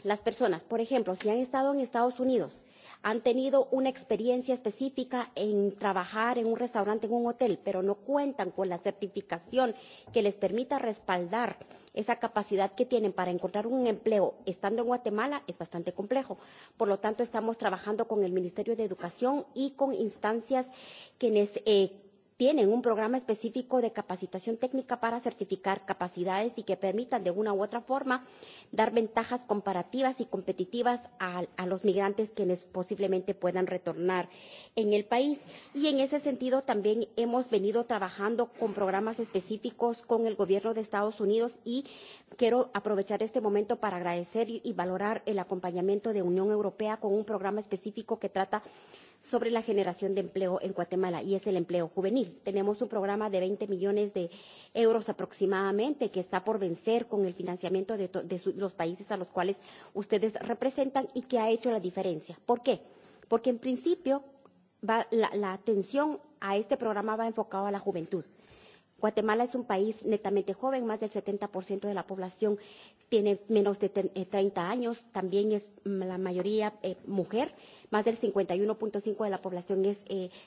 las personas, por ejemplo, si han estado en Estados Unidos han tenido una experiencia específica en trabajar en un restaurante, en un hotel, pero no cuentan con la certificación que les permita respaldar esa capacidad que tienen para encontrar un empleo estando en Guatemala, es bastante complejo. Por lo tanto, estamos trabajando con el Ministerio de Educación y con instancias quienes tienen un programa específico de capacitación técnica para certificar capacidades y que permitan de una u otra forma dar ventajas comparativas y competitivas a los migrantes quienes posiblemente puedan retornar en el país. Y en ese sentido también hemos venido trabajando con programas específicos con el gobierno de Estados Unidos y quiero aprovechar este momento para agradecer y valorar el acompañamiento de Unión Europea con un programa específico que trata sobre la generación de empleo en Guatemala y es el empleo juvenil. Tenemos un programa de 20 millones de euros aproximadamente que está por vencer con el financiamiento de, de los países a los cuales ustedes representan y que ha hecho la diferencia. ¿Por qué? Porque en principio va, la, la atención a este programa va enfocado a la juventud Guatemala es un país netamente joven, más del 70% de la población tiene menos de 30 años, también es la mayoría mujer, más del 51.5 de la población es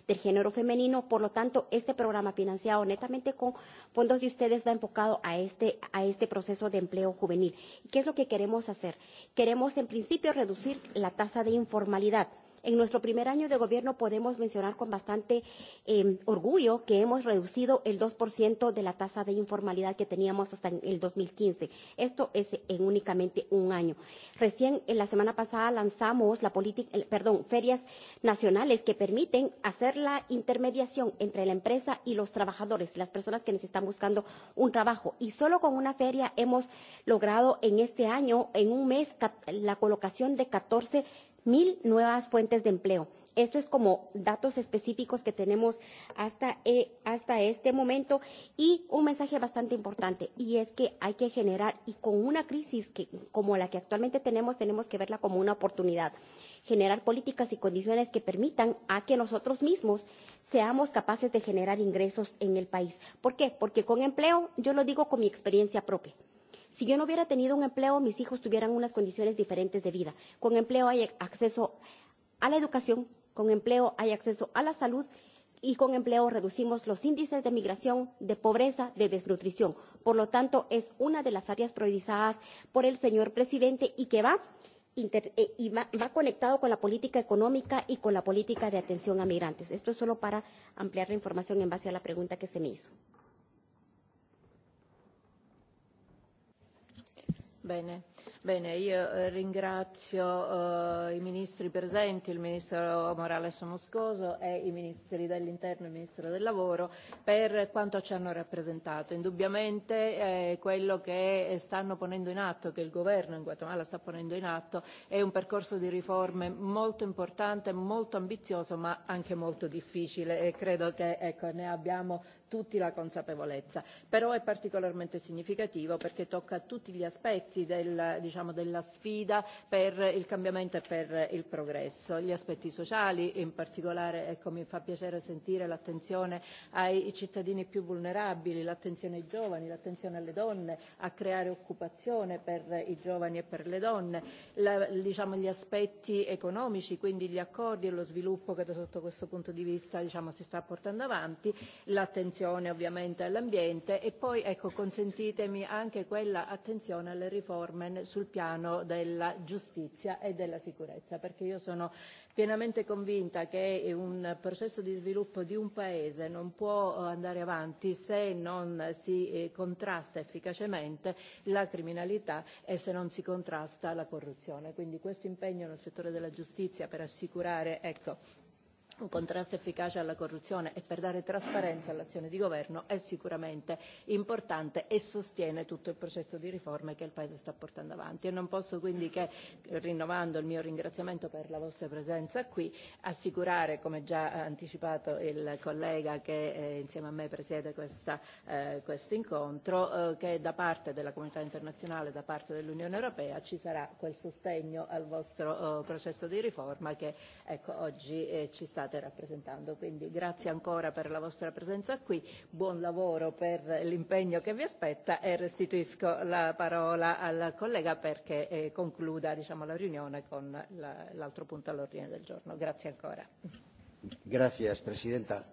del género femenino, por lo tanto, este programa financiado netamente con fondos de ustedes va enfocado a este a este proceso de empleo juvenil. ¿Qué es lo que queremos hacer? Queremos en principio reducir la tasa de informalidad En nuestro primer año de gobierno podemos mencionar con bastante orgullo que hemos reducido el 2% de la tasa de informalidad que teníamos hasta en el 2015. Esto es en únicamente un año. Recién en la semana pasada lanzamos la política, perdón, ferias nacionales que permiten hacer la intermediación entre la empresa y los trabajadores, las personas que necesitan están buscando un trabajo. Y solo con una feria hemos logrado en este año, en un mes, la colocación de 14 mil nuevas fuentes de empleo. Esto es como datos específicos que tenemos hasta, hasta este momento y un mensaje bastante importante y es que hay que generar y con una crisis como la que actualmente tenemos tenemos que verla como una oportunidad, generar políticas y condiciones que permitan a que nosotros mismos seamos capaces de generar ingresos en el país. ¿Por qué? Porque con empleo, yo lo digo con mi experiencia propia. Si yo no hubiera tenido un empleo, mis hijos tuvieran unas condiciones diferentes de vida. Con empleo hay acceso a la educación, con empleo hay acceso a la salud y con empleo reducimos los índices de migración, de pobreza, de desnutrición. Por lo tanto, es una de las áreas priorizadas por el señor presidente y que va va conectado con la política económica y con la política de atención a migrantes. Esto es solo para ampliar la información en base a la pregunta que se me hizo. Bene. Bene, io ringrazio i ministri presenti, il ministro Morales Moscoso e i ministri dell'interno e il ministro del lavoro per quanto ci hanno rappresentato. Indubbiamente quello che stanno ponendo in atto, che il governo in Guatemala sta ponendo in atto, è un percorso di riforme molto importante, molto ambizioso ma anche molto difficile e credo che ne abbiamo tutti la consapevolezza. Però è particolarmente significativo perché tocca tutti gli aspetti del della sfida per il cambiamento e per il progresso. Gli aspetti sociali, in particolare ecco, mi fa piacere sentire l'attenzione ai cittadini più vulnerabili, l'attenzione ai giovani, l'attenzione alle donne, a creare occupazione per i giovani e per le donne, diciamo, gli aspetti economici, quindi gli accordi e lo sviluppo che da sotto questo punto di vista diciamo, si sta portando avanti, l'attenzione ovviamente all'ambiente e poi ecco, consentitemi anche quella attenzione alle riforme sul piano della giustizia e della sicurezza perché io sono pienamente convinta che un processo di sviluppo di un paese non può andare avanti se non si contrasta efficacemente la criminalità e se non si contrasta la corruzione quindi questo impegno nel settore della giustizia per assicurare ecco un contrasto efficace alla corruzione e per dare trasparenza all'azione di governo è sicuramente importante e sostiene tutto il processo di riforme che il Paese sta portando avanti. E non posso quindi che, rinnovando il mio ringraziamento per la vostra presenza qui, assicurare, come già anticipato il collega che insieme a me presiede questo incontro, che da parte della comunità internazionale, da parte dell'Unione Europea ci sarà quel sostegno al vostro processo di riforma che ecco, oggi ci sta state rappresentando. Quindi grazie ancora per la vostra presenza qui, buon lavoro per l'impegno che vi aspetta e restituisco la parola al collega perché concluda diciamo, la riunione con l'altro punto all'ordine del giorno. Grazie ancora. Grazie Presidenta.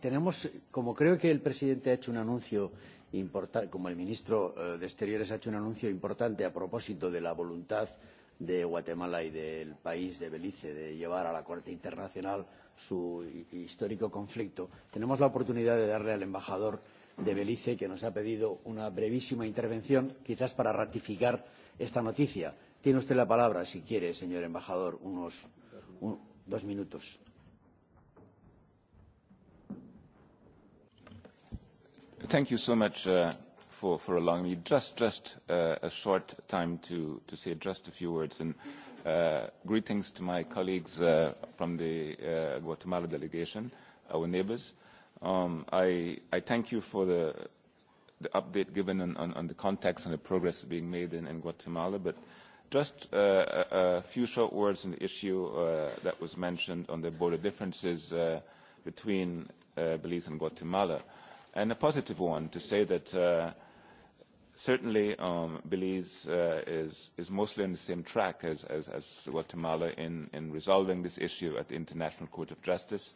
Tenemos, como creo que el presidente ha hecho un anuncio importante, como el ministro de Exteriores ha hecho un anuncio importante a propósito de la voluntad de Guatemala y del país de Belice de llevar a la Corte Internacional su histórico conflicto, tenemos la oportunidad de darle al embajador de Belice, que nos ha pedido una brevísima intervención, quizás para ratificar esta noticia. Tiene usted la palabra, si quiere, señor embajador, unos dos minutos. Thank you so much, for for long, me just just a short time to to say just a few words and greetings to my colleagues from the Guatemala delegation, our neighbors. I I thank you for the the update given on on the context and the progress being made in Guatemala, but just a few short words on the issue that was mentioned on the border differences between Belize and Guatemala, and a positive one to say that certainly Belize is is mostly on the same track as as as Guatemala in in resolving this issue at the International Court of Justice.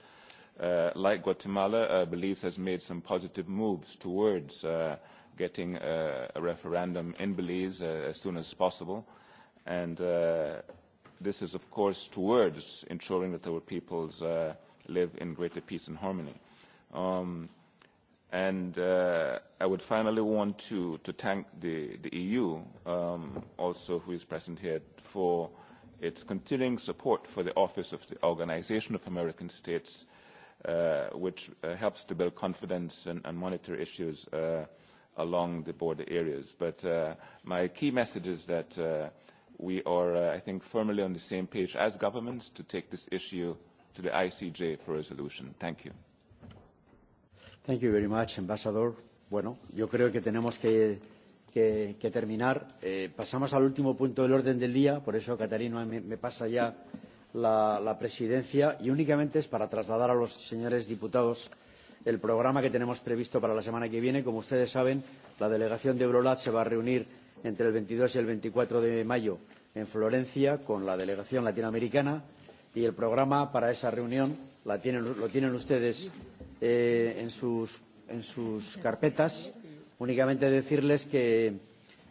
Like Guatemala, Belize has made some positive moves towards getting a referendum in Belize as soon as possible, and this is of course towards ensuring that our peoples live in greater peace and harmony. And I would finally want to thank the EU, also who is present here, for its continuing support for the Office of the Organization of American States, which helps to build confidence and monitor issues along the border areas. But my key message is that we are, I think, firmly on the same page as governments to take this issue to the ICJ for resolution. Thank you. Thank you very much, Ambassador. Bueno, yo creo que tenemos que, que, que terminar. Eh, pasamos al último punto del orden del día, por eso Catarina me, me pasa ya la, la presidencia y únicamente es para trasladar a los señores diputados el programa que tenemos previsto para la semana que viene. Como ustedes saben, la delegación de Eurolat se va a reunir entre el 22 y el 24 de mayo en Florencia con la delegación latinoamericana y el programa para esa reunión la tienen, lo tienen ustedes en sus en sus carpetas únicamente decirles que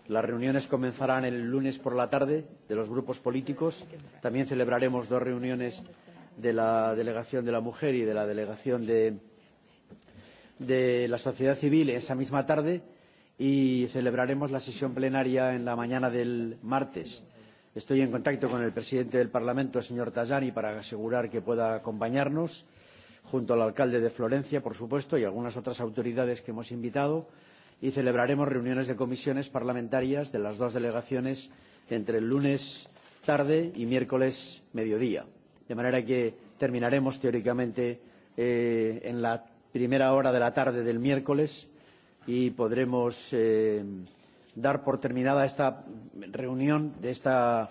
las reuniones comenzarán el lunes por la tarde de los grupos políticos también celebraremos dos reuniones de la delegación de la mujer y de la delegación de de la sociedad civil esa misma tarde y celebraremos la sesión plenaria en la mañana del martes estoy en contacto con el presidente del Parlamento señor Tajani para asegurar que pueda acompañarnos junto al alcalde de Florencia, por supuesto, y algunas otras autoridades que hemos invitado, y celebraremos reuniones de comisiones parlamentarias de las dos delegaciones entre el lunes tarde y miércoles mediodía. De manera que terminaremos teóricamente en la primera hora de la tarde del miércoles y podremos dar por terminada esta reunión de esta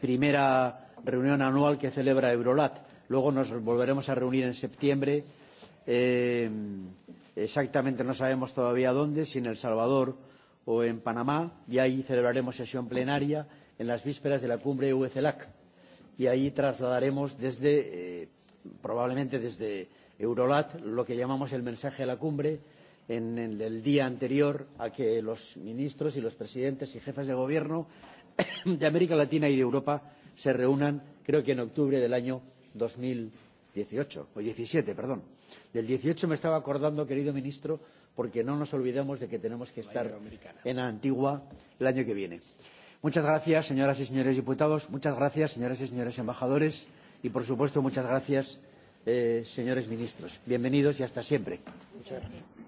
primera reunión anual que celebra Eurolat Luego nos volveremos a reunir en septiembre. Exactamente no sabemos todavía dónde, si en El Salvador o en Panamá, y ahí celebraremos sesión plenaria en las vísperas de la cumbre UECELAC. Y ahí trasladaremos desde, probablemente desde Eurolat, lo que llamamos el mensaje a la cumbre, en el día anterior a que los ministros y los presidentes y jefes de gobierno de América Latina y de Europa se reúnan, creo que en octubre del año 2018 o 17, perdón. Del 18 me estaba acordando, querido ministro, porque no nos olvidemos de que tenemos que estar en Antigua el año que viene. Muchas gracias, señoras y señores diputados. Muchas gracias, señoras y señores embajadores. Y, por supuesto, muchas gracias, señores ministros. Bienvenidos y hasta siempre. gracias.